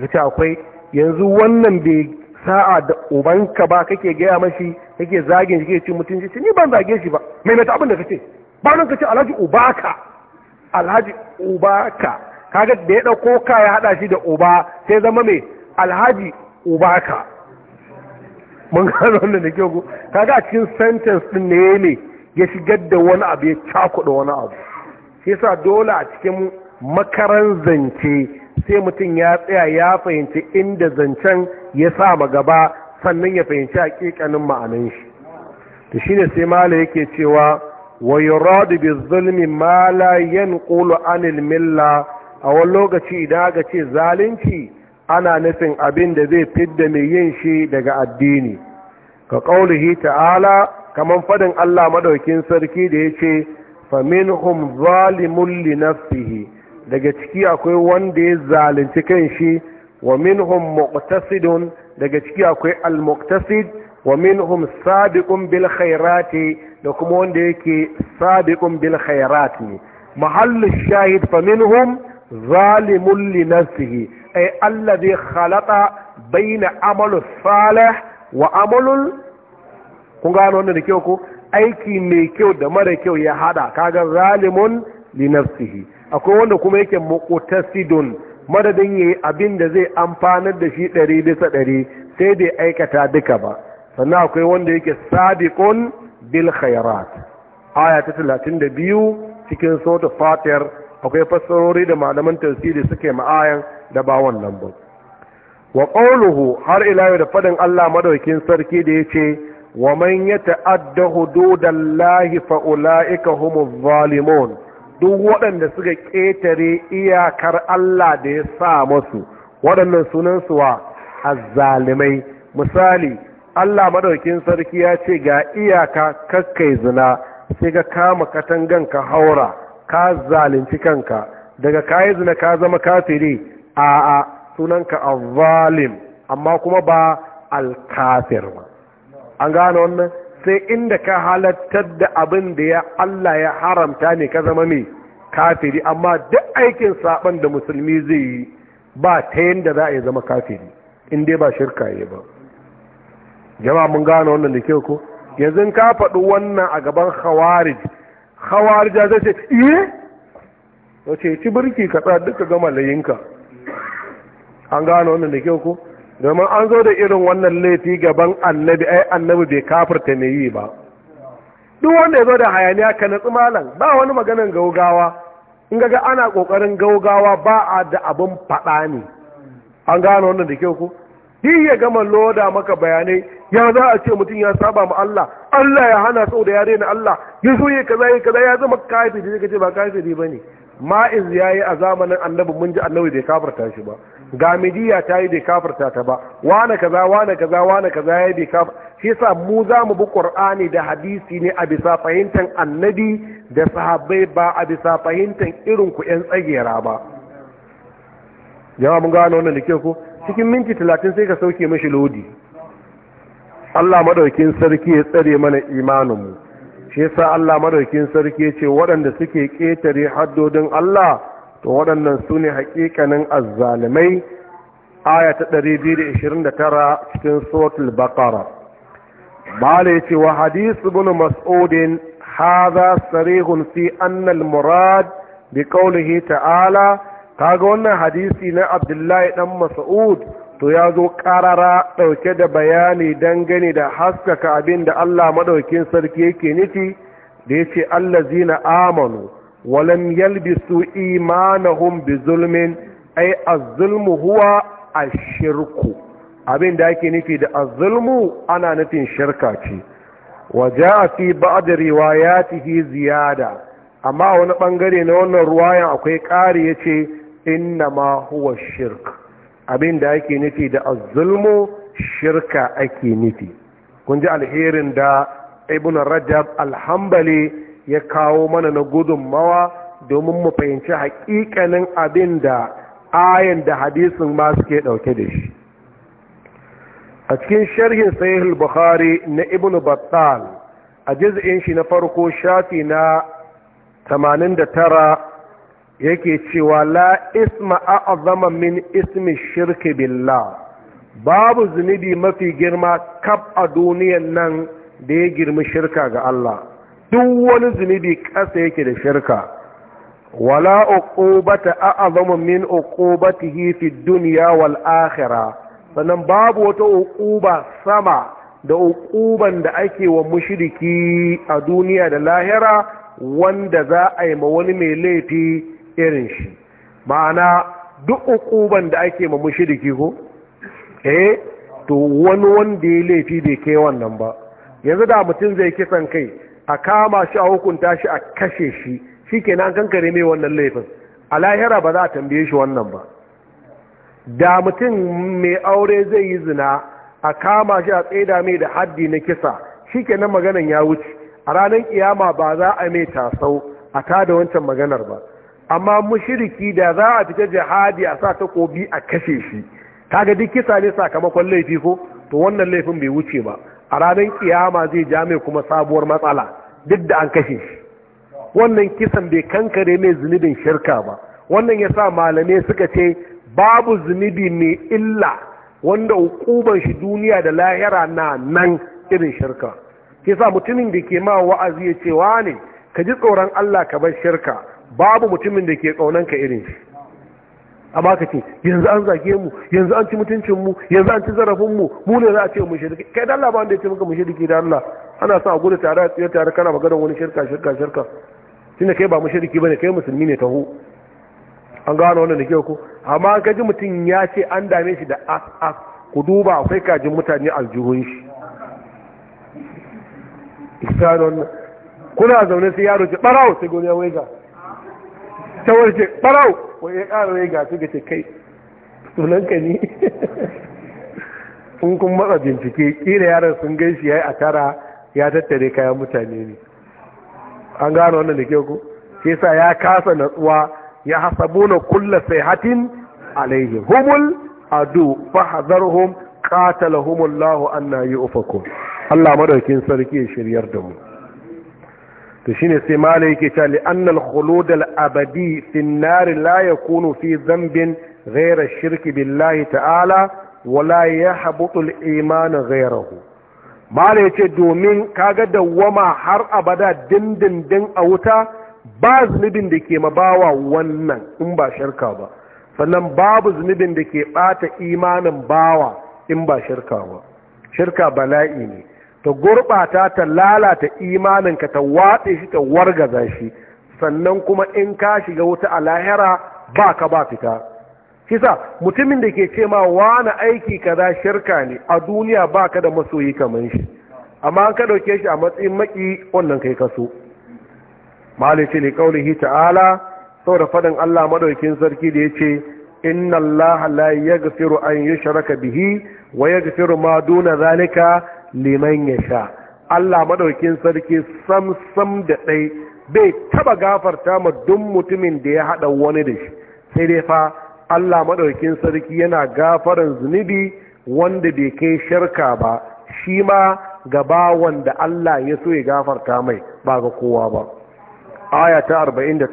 ka ce akwai yanzu wannan bai sa'a da ubanka ba kake gaya mashi kake zagin shi kake cin mutunci shi ni ban zage shi ba mai mata abin da kace ba nan kace alhaji ubaka alhaji ubaka kaga da ya dauko ka ya hada shi da uba sai zama mai alhaji ubaka mun gano wannan da kyau kaga a cikin sentence din ne ne ya shigar da wani abu ya cakuɗa wani abu shi sa dole a cikin makaran zance sai mutum ya tsaya ya fahimci inda zancen ya sa ma gaba sannan ya fahimci hakikanin ma'anin shi to shine sai mala yake cewa wa yuradu bi zulmi ma la yanqulu anil milla a wani lokaci idan aka ce zalunci ana nufin abin da zai fidda mai yin shi daga addini ka qaulihi ta'ala kaman fadin Allah maɗaukin sarki da yace faminhum zalimun li nafsihi daga ciki akwai wanda ya zalunci kanshi wa hum muqtasidun daga ciki akwai al-muqtasid wa minhum sabiqun bil khairati da kuma wanda yake sabiqun bil khairat ne mahallu shahid fa minhum zalimun li nafsihi ay alladhi khalata bayna amalu salih wa amalul kun gano wannan da kyau ko aiki mai kyau da mara kyau ya hada kaga zalimun li nafsihi akwai wanda kuma yake muqtasidun madadin yayi abin da zai amfanar da shi ɗari bisa ɗari sai bai aikata duka ba sannan akwai wanda yake sabiqun bil khairat aya ta 32 cikin sura fatir akwai fassarori da malaman tafsiri suke ma'ayan da ba wannan ba wa qawluhu har ila da fadin Allah madaukin sarki da yace wa man yata'adda hududallahi fa ulaika humuz duk waɗanda suka ƙetare iyakar Allah da ya sa masu waɗannan sunansu wa azzalimai misali Allah madaukin sarki ya ce ga iyaka kakkai zina sai ka kama katangan ka haura ka zalunci kanka daga kayi zina ka zama kafiri a'a sunanka azzalim amma kuma ba alkafir ba an gane wannan sai inda ka halattar da abin da ya Allah ya haramta ne ka zama mai kafiri amma duk aikin saban da musulmi zai yi ba ta yadda za a yi zama kafiri in dai ba shirka yi ba jama mun gane wannan da kyau ko yanzu ka faɗi wannan a gaban khawarij khawarij zai ce iye eh? wace ci birki ka tsada duka gama layinka an gane wannan da kyau ko domin an zo da irin wannan laifi gaban annabi ai annabi bai kafirta mai yi ba duk wanda ya zo da hayaniya ka na malam ba wani maganin gaugawa in ga ana kokarin gaugawa ba a da abin faɗa ne an gano wannan da kyau ku. Yi ya gama loda maka bayanai ya za a ce mutum ya saba ma Allah Allah ya hana sau da ya daina Allah ya so ya kaza ya kaza ya zama kafiri ne ce ba kafiri ne ma'iz yayi a zamanin annabi mun ji annabi bai kafarta shi ba gamidiya ta yi bai kafarta ta ba wane kaza wane kaza wane kaza ya bai kafar shi sa mu za mu bi ƙur'ani da hadisi ne a bisa fahimtar annabi da sahabbai ba a bisa fahimtar irin ku yan tsagera ba jama'a mun gano wannan da ke ko cikin minti talatin sai ka sauke mashi lodi Allah madaukin sarki ya tsare mana imanin mu shi yasa Allah madaukin sarki ya ce waɗanda suke ƙetare haddodin Allah to waɗannan su ne haƙiƙanin azzalimai aya ta 229 cikin suratul baqara bala yace wa Hadisu bin Mas'udin hadha sarihun fi anna murad bi qawlihi ta'ala kaga wannan hadisi na abdullahi ɗan mas'ud to ya zo karara ɗauke da bayani dangane da haskaka abin da Allah Maɗaukin sarki yake nufi da ya ce yace zina, amanu walam yalbisu imanahum bi zulmin ai az-zulmu huwa ash-shirku abin da ake nufi da az-zulmu ana nufin shirka ce wa jaa fi ba'd riwayatihi ziyada amma wani bangare na wannan ruwayan akwai ƙari yace inna ma huwa shirk abin da ake nufi da az-zulmu shirka ake nufi kun ji alherin da ibnu rajab alhambali. ya kawo mana na gudunmawa domin mu fahimci haƙiƙanin abin da ayan da hadisin ma suke ɗauke da shi a cikin sharhin sahih bukhari na ibnu battal a juz'in shi na farko shafi na 89 yake cewa la isma a'zama min ismi shirki billah babu zunubi mafi girma kaf a duniyan nan da ya girmi shirka ga Allah duk wani zunubi ƙasa yake da shirka wala uqubata a'zamu min uqubatihi fi dunya wal akhirah sannan babu wata uquba sama da uquban da ake wa mushriki a duniya da lahira wanda za a yi ma wani mai laifi irin shi ma'ana duk uquban da ake ma mushriki ko eh to wani wanda ya laifi bai kai wannan ba yanzu da mutum zai kisan kai a kama shi a hukunta shi a kashe shi shi ke nan kankare mai wannan laifin a lahira ba za a tambaye shi wannan ba da mutum mai aure zai yi zina a kama shi a tsaida mai da haddi na kisa shi ke nan maganan ya wuce a ranar kiyama ba za a mai tasau a ta da wancan maganar ba amma mushiriki da za a fita jihadi a sa takobi a kashe shi kaga duk kisa ne sakamakon laifi ko to wannan laifin bai wuce ba a ranar kiyama zai ja mai kuma sabuwar matsala duk da an kashe shi wannan kisan bai kankare mai zunubin shirka ba wannan ya sa malamai suka ce babu zunubi mai illa wanda hukuban shi duniya da lahira na nan irin shirka ke sa mutumin da ke ma wa'azi ya ce wa ne ka ji tsoron Allah ka bar shirka babu mutumin da ke ƙaunanka irin shi a baka ce yanzu an zage mu yanzu an ci mutuncin mu yanzu an ci zarafin mu mu ne za a ce mu shirki kai dan labarin da ya ce muka mu shirki da Allah ana sa a gudu tare a tsaye tare kana maganar wani shirka shirka shirka tunda kai ba mu shirki bane kai musulmi ne taho an gano wannan da kyau ko amma ka ji mutum ya ce an dame shi da as as ku duba akwai kajin mutane aljuhun shi kuna zaune sai yaro ce barawo sai gona ya waiga ta warce barau wai ya ƙara rai ga su gace kai ka ne in kun matsa bincike ƙira yaran sun gan shi ya yi a tara ya tattare kayan mutane ne an gano wannan da kyau ku ke sa ya kasa natsuwa ya na kulla hatin alaihi humul adu fahzarhum qatalahumullahu anna yu'fakun Allah madaukin sarki ya shiryar da mu to shine sai malai yake cewa li annal khulud abadi fi an-nar la yakunu fi dhanbin ghayra shirki billahi ta'ala wala yahbutu al iman ghayrahu malai yace domin kaga dawwama har abada dindindin a wuta ba zunubin da ke mabawa wannan in ba shirka ba sannan babu zunubin da ke bata imanin bawa in ba shirka ba shirka bala'i ne ta gurɓata ta lalata imaninka ta watse shi ta wargaza shi sannan kuma in ka shiga wuta a lahira ba ka ba fita kisa mutumin da ke cema ma wani aiki kaza shirka ne a duniya ba ka da masoyi kamar shi amma an ka ɗauke shi a matsayin maki wannan kai kaso malice ne hi ta'ala sau da faɗin allah maɗaukin sarki da ya ce inna allah la yaghfiru an yushraka bihi wa yaghfiru ma duna zalika liman ya sha Allah madaukin sarki sam sam da ɗai bai taba gafarta ma duk mutumin da ya haɗa wani da shi sai dai fa Allah madaukin sarki yana gafaran zunubi wanda bai kai shirka ba shi ma gaba wanda Allah ya so ya gafarta mai ba ga kowa ba aya ta 48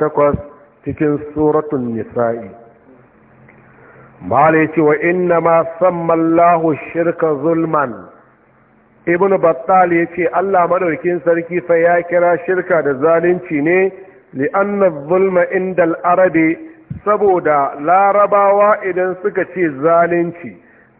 cikin suratul nisa'i malai ce wa inna ma sammallahu shirka zulman ibn battal ya ce allah madaukin sarki fa ya kira shirka da zalunci ne li'annar zulma inda arabe saboda larabawa idan suka ce zalunci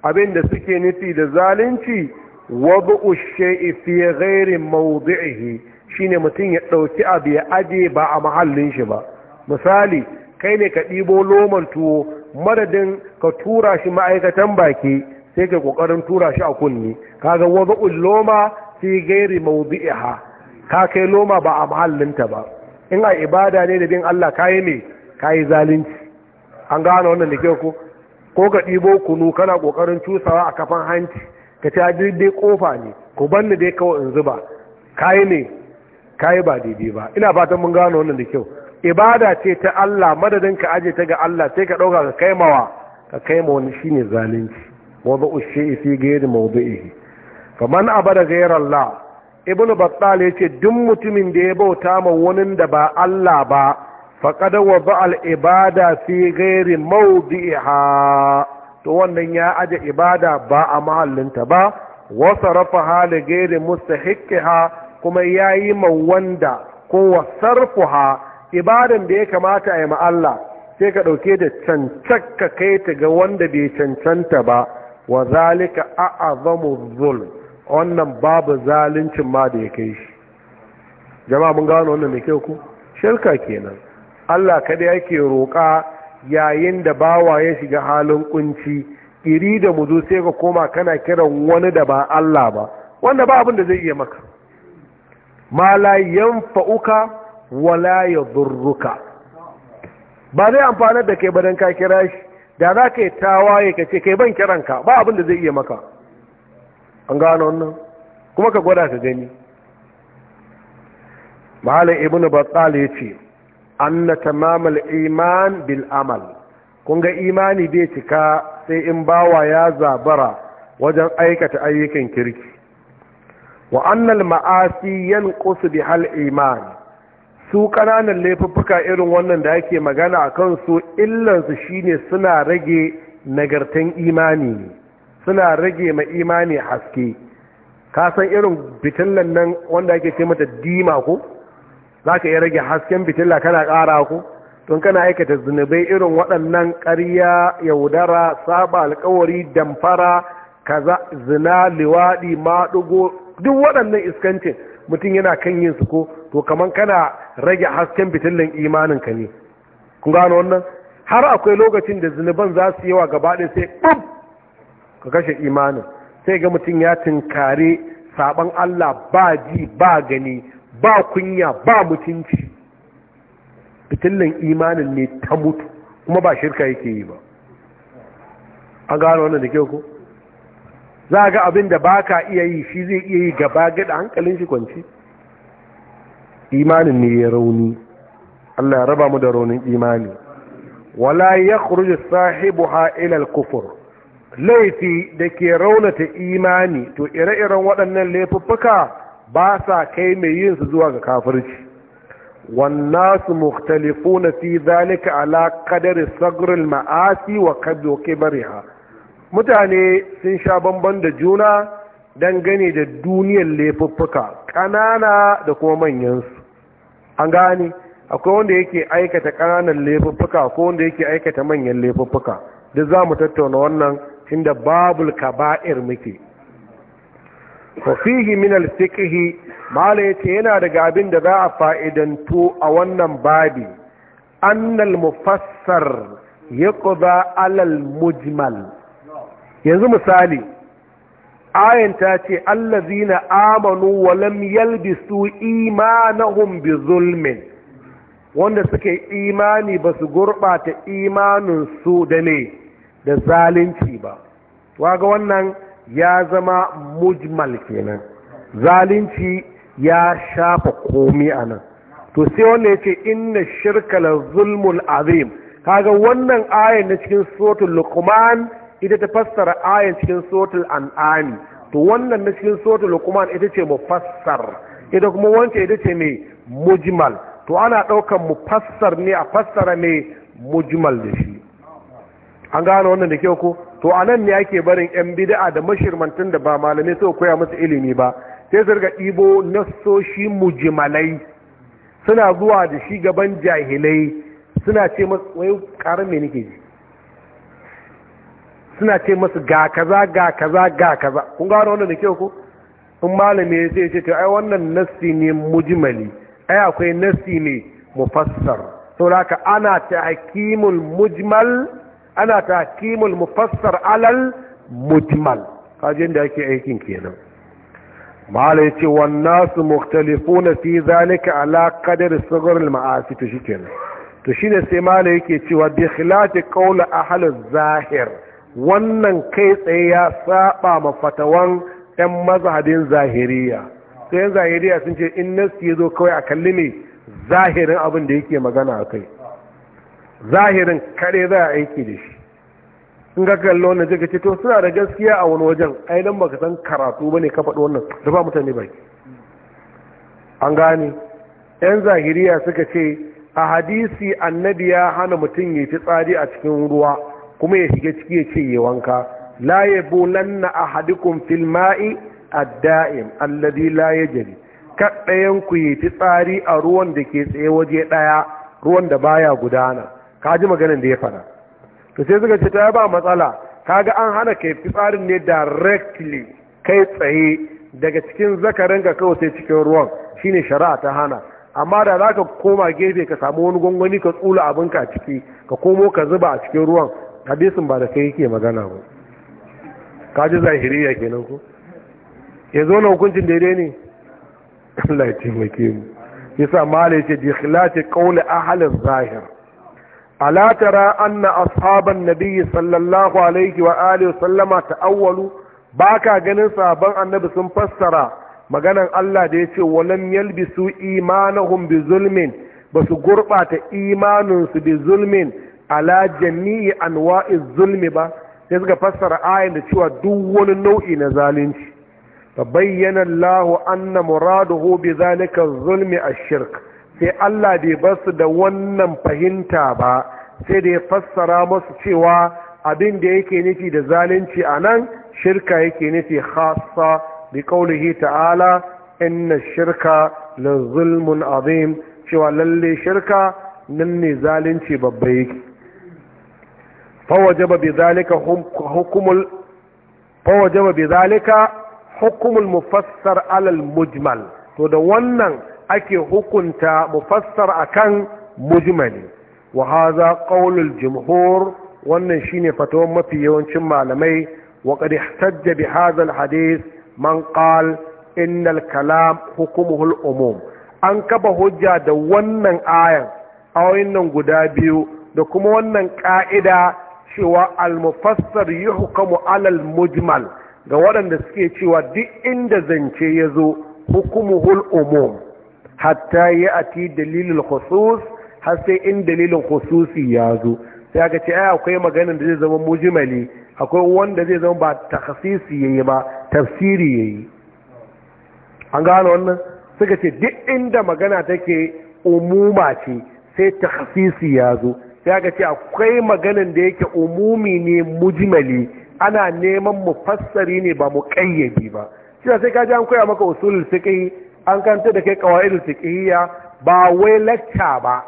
Abin da suke nufi da zalunci wadda ushe fi ghairi mawdi'ihi shine mutum ya ɗauki abu ya aje ba a mahallin shi ba misali kai ne ka ɗibo loman tuwo madadin ka tura shi ma'aikatan baki sai ka kokarin tura shi a kunni kaga wada'ul loma fi gairi mawdi'iha ka kai loma ba a mahallinta ba in a ibada ne da bin Allah kai ne kai zalunci an gano wannan da kyau ko ko ka dibo kunu kana kokarin cusawa a kafan hanci ka ci daidai kofa ne ku banni dai kawai in zuba kai ne kai ba daidai ba ina fatan mun gano wannan da kyau ibada ce ta Allah madadin ka aje ta ga Allah sai ka ɗauka ka kaimawa ka kaima wani shine zalunci وضع الشيء في غير موضعه فمن عبد غير الله ابن بطال يتي دم متمن ده يبوتا ما ونن ba با الله با فقد وضع العباده في غير موضعها to wannan ya aje ibada ba a mahallinta ba wasarafa hali gairi mustahiqqiha kuma yayi ma wanda ko wasarfuha ibadan da ya kamata ya yi ma Allah sai ka dauke da ka kai ta ga wanda bai cancanta ba wa zalika a'azamu zulm wannan babu zaluncin ma da ya kai shi jama'a mun gano wannan mai kyau ku shirka kenan Allah kada yake roƙa yayin da bawa ya shiga halin kunci iri da muzu sai ka koma kana kiran wani da ba Allah ba wanda ba abin da zai iya maka ma la yanfa'uka wala yadhurruka ba zai amfanar da kai ba dan ka kira shi da za ka yi tawaye ka ce kai ban kiranka ba abin da zai iya maka an gano wannan kuma ka gwada ta gani mahalin ibn batsal ya ce an na tamamal iman bil amal kun ga imani bai cika sai in bawa ya zabara wajen aikata ayyukan kirki wa annal ma'asi bi hal iman su ƙananan laifuffuka irin wannan da ake magana a kansu illansu shine suna rage nagartan imani suna rage ma imani haske ka san irin bitillan nan wanda ake ce mata dima ko za ka iya rage hasken bitilla kana ƙara ko tun kana aikata zunubai irin waɗannan ƙarya yaudara saba alkawari damfara kaza zina liwaɗi maɗugo duk waɗannan iskancin mutum yana kan yin su ko to kaman kana rage hasken fitilan imanin ka ne kun gano wannan har akwai lokacin da zunuban za su yawa gaba ɗaya sai ɓam ka kashe imanin sai ga mutum ya tinkare saban Allah ba ji ba gani ba kunya ba mutunci fitilan imanin ne ta mutu kuma ba shirka yake yi ba an gano wannan da kyau ko za ga abin da ba ka iya yi shi zai iya yi gaba gada hankalin shi kwanci imanin ne ya rauni Allah ya raba mu da raunin imani wala ya kuruji sahibu ha'ilal kufur laifi da ke raunata imani to ire-iren waɗannan laifuffuka ba sa kai mai yin su zuwa ga kafirci zalika مختلفون في ذلك على wa صغر المعاصي ha mutane sun sha bamban da juna don gani da duniyar laifuffuka ƙanana da kuma manyansu an gane akwai wanda yake aikata ƙananan laifuffuka ko wanda yake aikata manyan laifuffuka duk za mu tattauna wannan inda babul kaba'ir muke wafihi min alfiqhi mala yace yana daga abin da za a fa'idantu a wannan babi annal mufassar yaqda alal mujmal yanzu misali ayan ta ce allazina amanu wa lam yalbisu imanahum bi zulmin wanda suke imani ba su gurbata imanin su da ne da zalunci ba waga wannan ya zama mujmal kenan zalunci ya shafa komi anan, to sai wanda ya inna shirka la zulmul azim kaga wannan ayan na cikin suratul luqman ita ta fassara ayan cikin an an'ami to wannan na cikin sotul luqman ita ce mu fassar ita kuma wance ita ce mai mujmal to ana ɗaukan fassar ne a fassara mai mujmal da shi an gane wannan da kyau ko to a nan ne ake barin yan bida'a da mashirmantan da ba malamai suka koya musu ilimi ba sai su riga ɗibo nassoshi mujimalai suna zuwa da shi gaban jahilai suna ce masu wai ƙarar me nake ji suna ce masu ga kaza ga kaza ga kaza kun gano wannan da kyau ko in malami ya ce ce to ai wannan nassi ne mujmali ai akwai nassi ne mufassar saboda aka ana tahkimul mujmal ana tahkimul mufassar alal mujmal kaje da yake aikin kenan malai ce wannan su mukhtalifuna fi zalika ala qadar sughur al ma'asi to shikenan to shine sai malai yake cewa bi khilati qawl ahli zahir wannan kai tsaye ya saba ma fatawan ɗan mazhabin zahiriya sai yan zahiriya sun ce in na ya zo kawai a kalli ne zahirin abin da yake magana a kai zahirin kare za a aiki da shi in ga kallo na jaka ce to suna da gaskiya a wani wajen ainihin dan baka san karatu ba ne ka faɗi wannan da ba mutane baki an gane yan zahiriya suka ce a hadisi annabi ya hana mutum ya fi tsari a cikin ruwa kuma ya shiga ciki ya ce ya wanka la yabulanna a hadikun filma'i a daim alladi la jari kaɗayan ku yi tsari a ruwan da ke tsaye waje ɗaya ruwan da baya gudana ka ji maganin da ya fara. to sai suka ce ta ba matsala Ka ga an hana ka kai fitsarin ne directly kai tsaye daga cikin zakarin ka kawai sai cikin ruwan shine shari'a ta hana amma da za ka koma gefe ka samu wani gwangwani ka tsula abinka a ciki ka komo ka zuba a cikin ruwan hadisin ba da kai yake magana ba kaji zahiriya kenan ko ya zo na hukuncin daidai ne Allah ya taimake mu yasa mala yace bi khilati qawli ahli zahir ala tara anna ashaban nabiy sallallahu alaihi wa alihi wa sallama ta'awwalu baka ganin sahaban annabi sun fassara maganan Allah da yace walam yalbisu imanahum bi zulmin basu gurbata imaninsu bi zulmin ala jami'i anwa'i zulmi ba sai suka fassara ayin da cewa duk wani nau'i na zalunci fa bayyana Allah anna muraduhu bi zalika zulmi ash-shirk sai Allah bai basu da wannan fahimta ba sai da ya fassara musu cewa abin da yake nufi da zalunci anan shirka yake nufi khassa bi qawlihi ta'ala inna ash-shirka la zulmun azim cewa lalle shirka nan ne zalunci babba yake fawajaba bi zalika hukumul fawajaba bi alal mujmal to da wannan ake hukunta mufassar akan mujmali wahaza hadha qaulul jumhur wannan shine fatawan mafi yawancin malamai wa qad ihtajja bi hadha al hadith man qala innal kalam hukumuhul umum an kafa hujja da wannan ayan ayoyin guda biyu da kuma wannan ka'ida cewa almufassar yi hukamu alal mujmal ga waɗanda suke cewa duk inda zance ya zo hukumu hul'umum hatta a ti dalilin khusus har sai in dalilin khususi ya zo sai aka ce ai akwai maganin da zai zama mujmali akwai wanda zai zama ba takhsisi yayi ba tafsiri yayi an gano wannan suka ce duk inda magana take umuma ce sai takhsisi ya zo ya aka ce akwai maganin da yake umumi ne mujimali ana neman mu fassari ne ba mu kayyabi ba shi sai ka ji an koya maka usulul fiqh an kanta da kai qawaidul fiqhiyya ba wai lacca ba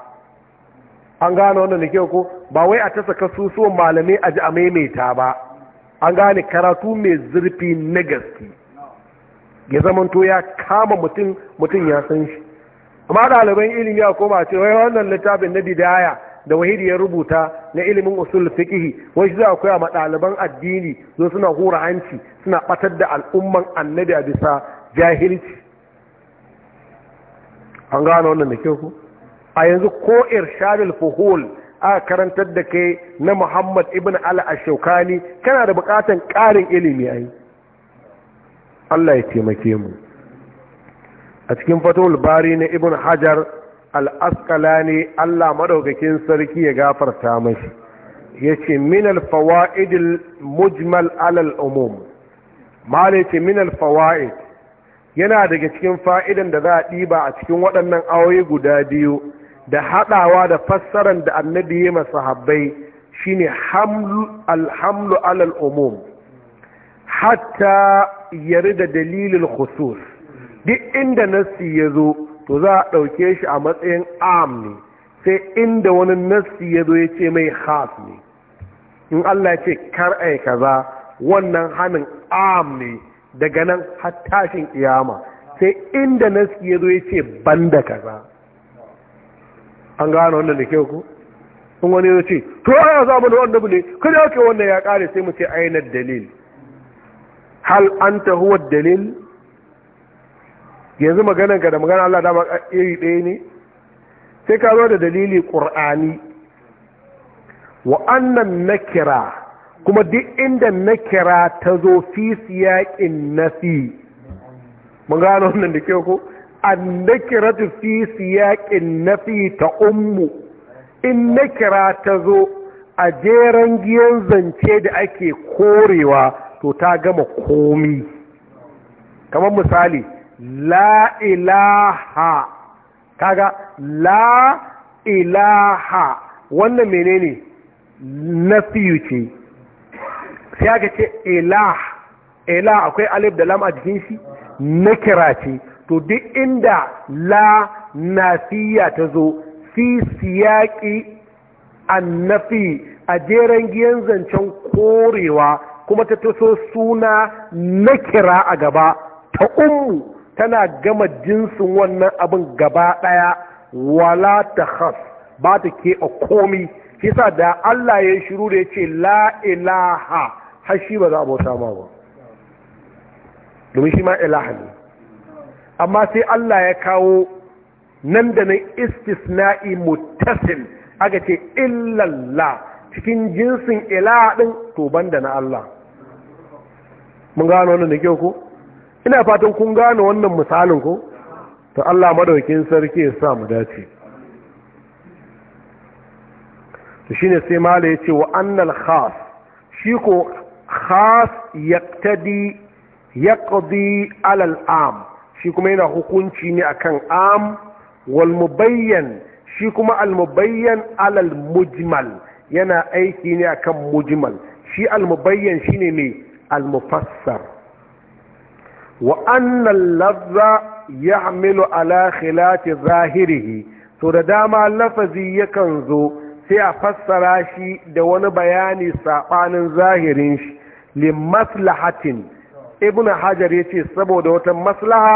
an gane wannan da kyau ko ba wai a tasa kasusuwan malamai a ji a maimaita ba an gane karatu mai zurfi na gaske ya zamanto ya kama mutum mutum ya san shi amma ɗaliban ilimi a koma ce wai wannan littafin na didaya da wahidi ya rubuta na ilimin usul fikihi. wai za akwai a madaliban addini zo suna hura hanci suna batar da al'umman annabi a bisa jahilci an gano wannan da kyau a yanzu ko irshadul fuhul a karantar da kai na Muhammad ibn al Ashokani kana da bukatan ƙarin ilimi ai Allah ya taimake mu a cikin fatul bari na ibn Hajar al'askalani Allah maɗaukakin sarki ya gafarta mashi ya ce min alfawa’id mujmal alal umum mala ce min alfawa'id yana daga cikin fa'idan da za a ɗiba a cikin waɗannan awoyi guda biyu da haɗawa da fassarar da annabi ya masa habbai shine alhamlu alal umum hatta yari da dalilin khusus duk inda nasi ya zo to za a ɗauke shi a matsayin am ne sai inda wani nassi ya zo ya ce mai khas ne in Allah ce kar ai kaza wannan hannun am ne daga nan hattashin kiyama sai inda nassi ya zo ya ce banda kaza an gano wannan da kyau ku in wani ya ce to ya za mu da wanda bule kada ake wannan ya kare sai mu ce ainihin dalil hal anta huwa dalil yanzu maganan ka da magana Allah dama iri ɗaya ne sai ka zo da dalili ƙur'ani wa'annan na nakira kuma duk inda nakira ta zo fi siyaƙin nafi mun gano wannan da ke ko an nakira ta fi siyaƙin nafi ta ummu in nakira ta zo a jeren giyan zance da ake korewa to ta gama komi kamar misali la ilaha kaga la ilaha wannan menene fiye ce sai aka ce ilah ilah akwai alif da lam a jikin shi na kira ce to duk inda la nafiya ta zo fi siyaki annafi a jeren giyan zancen korewa kuma ta taso suna na kira a gaba ta ummu tana gama jinsin wannan abin gaba ɗaya wala ta khas ba ta ke a komi kisa da Allah ya shiru da ya ce la ilaha har shi ba za a bauta ma ba domin shi ma ilaha ne amma sai Allah ya kawo nan da nan istisna'i mutasin aka ce illallah cikin jinsin ilaha din to banda na Allah mun gano wannan da kyau ko ina fatan kun gane wannan misalin ko to Allah madaukin sarki ya sa mu dace to shine sai mala yace wa annal khas shi ko khas yaqtadi yaqdi ala al am shi kuma yana hukunci ne akan am wal mubayyan shi kuma al mubayyan ala al mujmal yana aiki ne akan mujmal shi al mubayyan shine ne al mufassar wa'annan lafza lazza ya hamilu ala khilati zahirihi to da dama lafazi yakan zo sai a fassara shi da wani bayani saɓanin zahirin shi limaslahatin ibn hajar ya ce saboda wata maslaha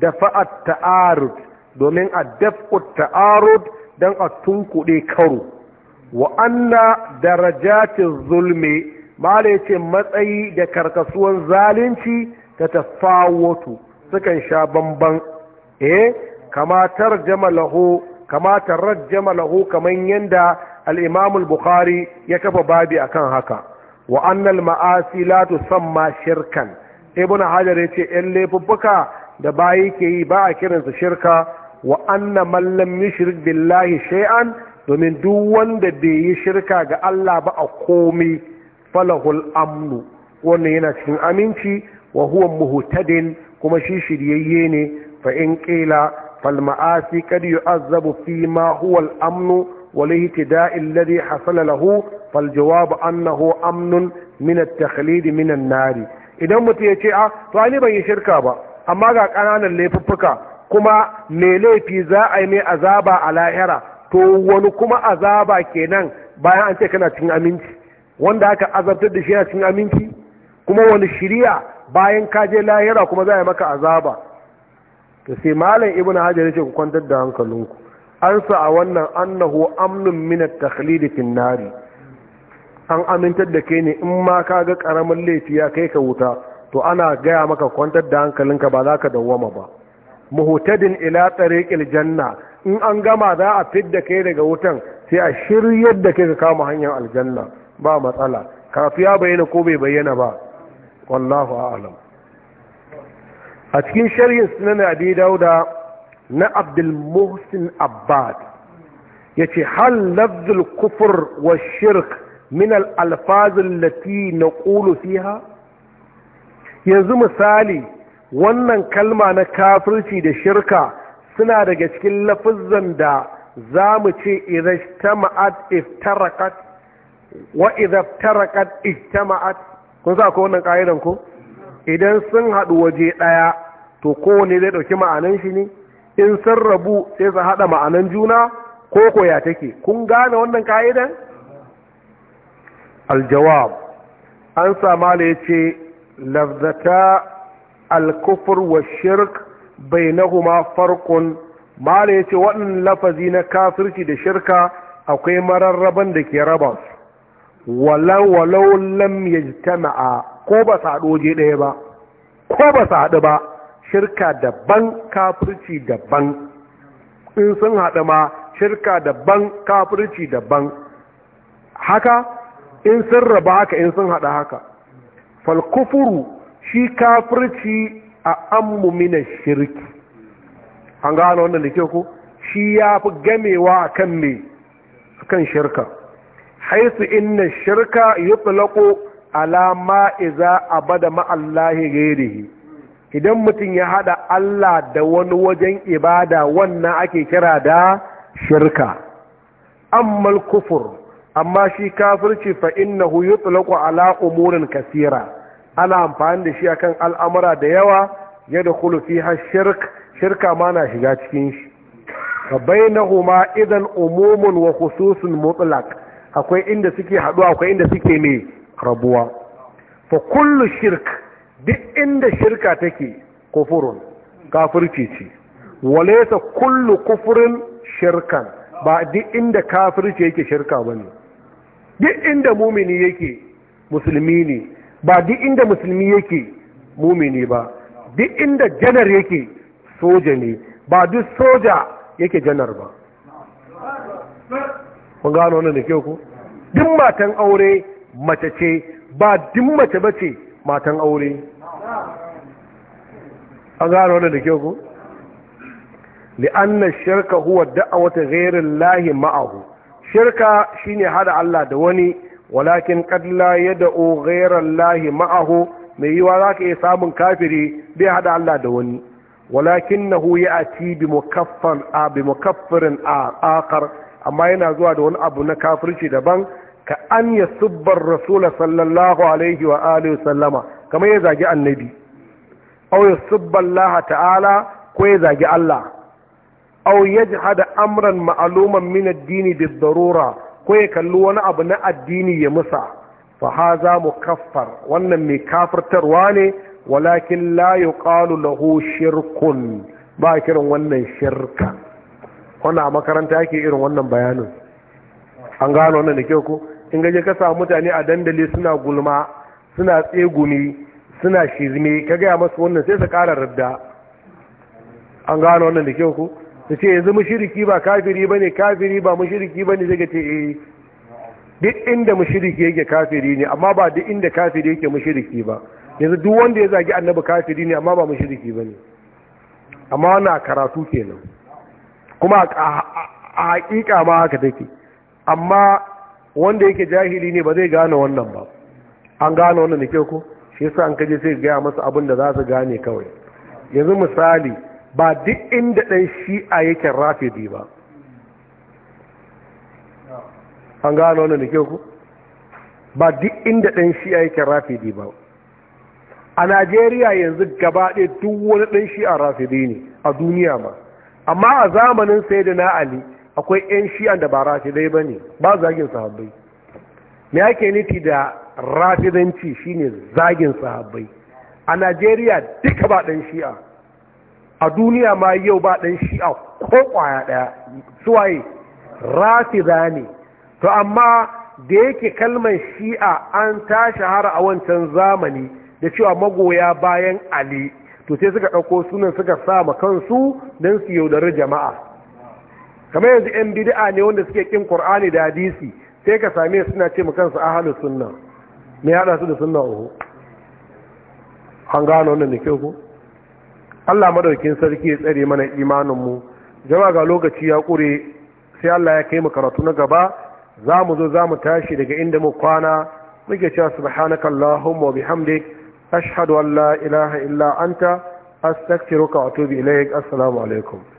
da fa'at ta'arud domin a daf'ut ta'arud don a tunkuɗe karo wa anna darajatin zulme mala ce matsayi da karkasuwan zalunci ta tafawutu sukan sha bamban eh kama tarjama lahu kama tarjama lahu kaman yanda al-Imam al-Bukhari ya kafa babi akan haka wa annal ma'asi la tusamma shirkan ibn Hajar yace yan laifuffuka da bayi ke yi ba a kiransa shirka wa anna man lam yushrik billahi shay'an domin duk wanda bai yi shirka ga Allah ba a komai falahul amnu wannan yana cikin aminci wa huwa muhtadin kuma shi shiryayye ne fa in qila fal ma'asi kad yu'azzabu fi ma huwa al amn wal ihtida'i alladhi hasala lahu fal jawab annahu amnun min at takhlid min an nar idan mutu ya ce a ah, to ani ban yi shirka ba amma ga kananan laifuffuka kuma me laifi za a yi mai azaba a lahira to wani kuma azaba kenan bayan an ce kana cin aminci wanda aka azabtar da shi yana cin aminci kuma wani shiriya bayan ka je lahira kuma za a yi maka azaba ta sai malam ibn hajar ya ce ku kwantar da hankalinku an sa a wannan annahu amnun min at-takhlid fi an-nari an amintar da kai ne in ma ka ga karamin laifi ya kai ka wuta to ana gaya maka kwantar da hankalinka ba za ka dawwama ba muhutadin ila tariqil janna in an gama za a fidda kai daga wutan sai a shiryar da kai ka kama hanyar aljanna ba matsala kafiya bayyana ko bai bayyana ba wallahu a'lam a cikin sharhin sunan abi dauda na abdul muhsin abbad yace hal lafzul kufur wa shirk min al alfaz allati naqulu fiha yanzu misali wannan kalma na kafirci da shirka suna daga cikin lafuzzan da za mu ce idhtama'at iftarakat wa idhaftarakat ijtama'at kun sa ko wannan ƙa'idan ko idan sun haɗu waje ɗaya to kowane zai ɗauki ma'anan shi ne in sun rabu sai su haɗa ma'anan juna ko koya take kun gane wannan ƙa'idan aljawab an sama da ya ce lafzata alkufur wa shirk ma farkon mala ya ce waɗannan lafazi na kafirci da shirka akwai mararraban da ke raba walau walau lam yajtama'a ko ba su haɗu waje ɗaya ba ko ba su ba shirka daban kafirci daban in sun haɗu ma shirka daban kafirci daban haka in sun raba haka in sun hada haka falkufuru shi kafirci a ammu shirki an gano wannan da ke ku shi ya fi gamewa a kan me kan shirka haisu inna shirka yutlaqu ala alama iza abada ma Allahi idan mutum ya hada Allah da wani wajen ibada wannan ake kira da shirka ammal kufur amma shi kafirci fa innahu yutlaqu ala umurin kasira ana amfani da shi akan al'amura da yawa yadkhulu fiha shirk shirka ma na shiga cikin shi fa bainahuma idan umumun wa khususun mutlaq akwai inda suke haɗuwa akwai inda suke mai rabuwa fa kullu shirk duk inda shirka take kufurun kafirci ce walaysa kullu kufurin shirkan ba duk inda kafirci yake shirka bane duk inda mumini yake musulmi ne ba duk inda musulmi yake mumini ba duk inda janar yake soja ne ba duk soja yake janar ba kun gano wannan da ke ku? duk matan aure mace ce ba duk mace ce matan aure an gano wannan da ku? ko li'anna shirka huwa da'awata ghayri lahi ma'ahu shirka shine hada Allah da wani walakin qad la o ghayra lahi ma'ahu mai yiwa ka iya samun kafiri bai hada Allah da wani Walakin na ولكنه يأتي bi آه a آخر amma yana zuwa da wani abu na kafirci daban ka an ya subbar rasula sallallahu alaihi wa alihi sallama kamar ya zagi annabi aw ya subbar laha ta'ala ko ya zagi Allah aw jihada amran ma'luman min ad-dini bid-darura ko ya kalli wani abu na addini ya musa fa haza mukaffar wannan mai kafirtarwa ne walakin la yuqalu lahu shirkun ba kiran wannan shirka wannan a makaranta yake irin wannan bayanin an gano wannan da kyau ko in gaje ka samu mutane a dandali suna gulma suna tsegumi suna shizme ka gaya masu wannan sai su kara radda an gano wannan da kyau ko su ce yanzu mushiriki ba kafiri ba ne, kafiri ba mushiriki bane zai ce eh duk inda mushiriki yake kafiri ne amma ba duk inda kafiri yake mushiriki ba yanzu duk wanda ya zagi annabi kafiri ne amma ba mushiriki ne. amma wannan karatu kenan kuma a haƙiƙa ma haka take amma wanda yake jahili ne ba zai gane wannan ba an gane wannan da ke ko shi yasa an kaje sai gaya masa abin da za su gane kawai yanzu misali ba duk inda ɗan shi'a yake rafidi ba an gane wannan da ke ku ba duk inda ɗan shi'a yake rafidi ba a najeriya yanzu gaba ɗaya duk wani ɗan shi'a rafidi ne a duniya ma amma a zamanin na ali akwai yan shi'an da ba rafidai ba ne ba zagin sahabbai me ake nufi da rafidanci shine zagin sahabbai a najeriya duka ba ɗan shi'a a duniya ma yau ba ɗan shi'a ko kwaya ɗaya suwaye rafida ne to amma da yake kalmar shi'a an ta shahara a wancan zamani da cewa magoya bayan ali to sai suka ɗauko sunan suka sa ma kansu don su yaudari jama'a kamar yanzu yan bid'a ne wanda suke kin qur'ani da hadisi sai ka same suna ce ma kansu ahlus sunna me ya su da sunna oho an gano wannan da ke ko Allah madaukin sarki ya tsare mana imanin mu jama'a ga lokaci ya kure sai Allah ya kai mu karatu na gaba za mu zo za mu tashi daga inda mu kwana muke cewa subhanakallahumma wa bihamdika ashhadu an la illa anta astaghfiruka wa atubu ilaik assalamu alaikum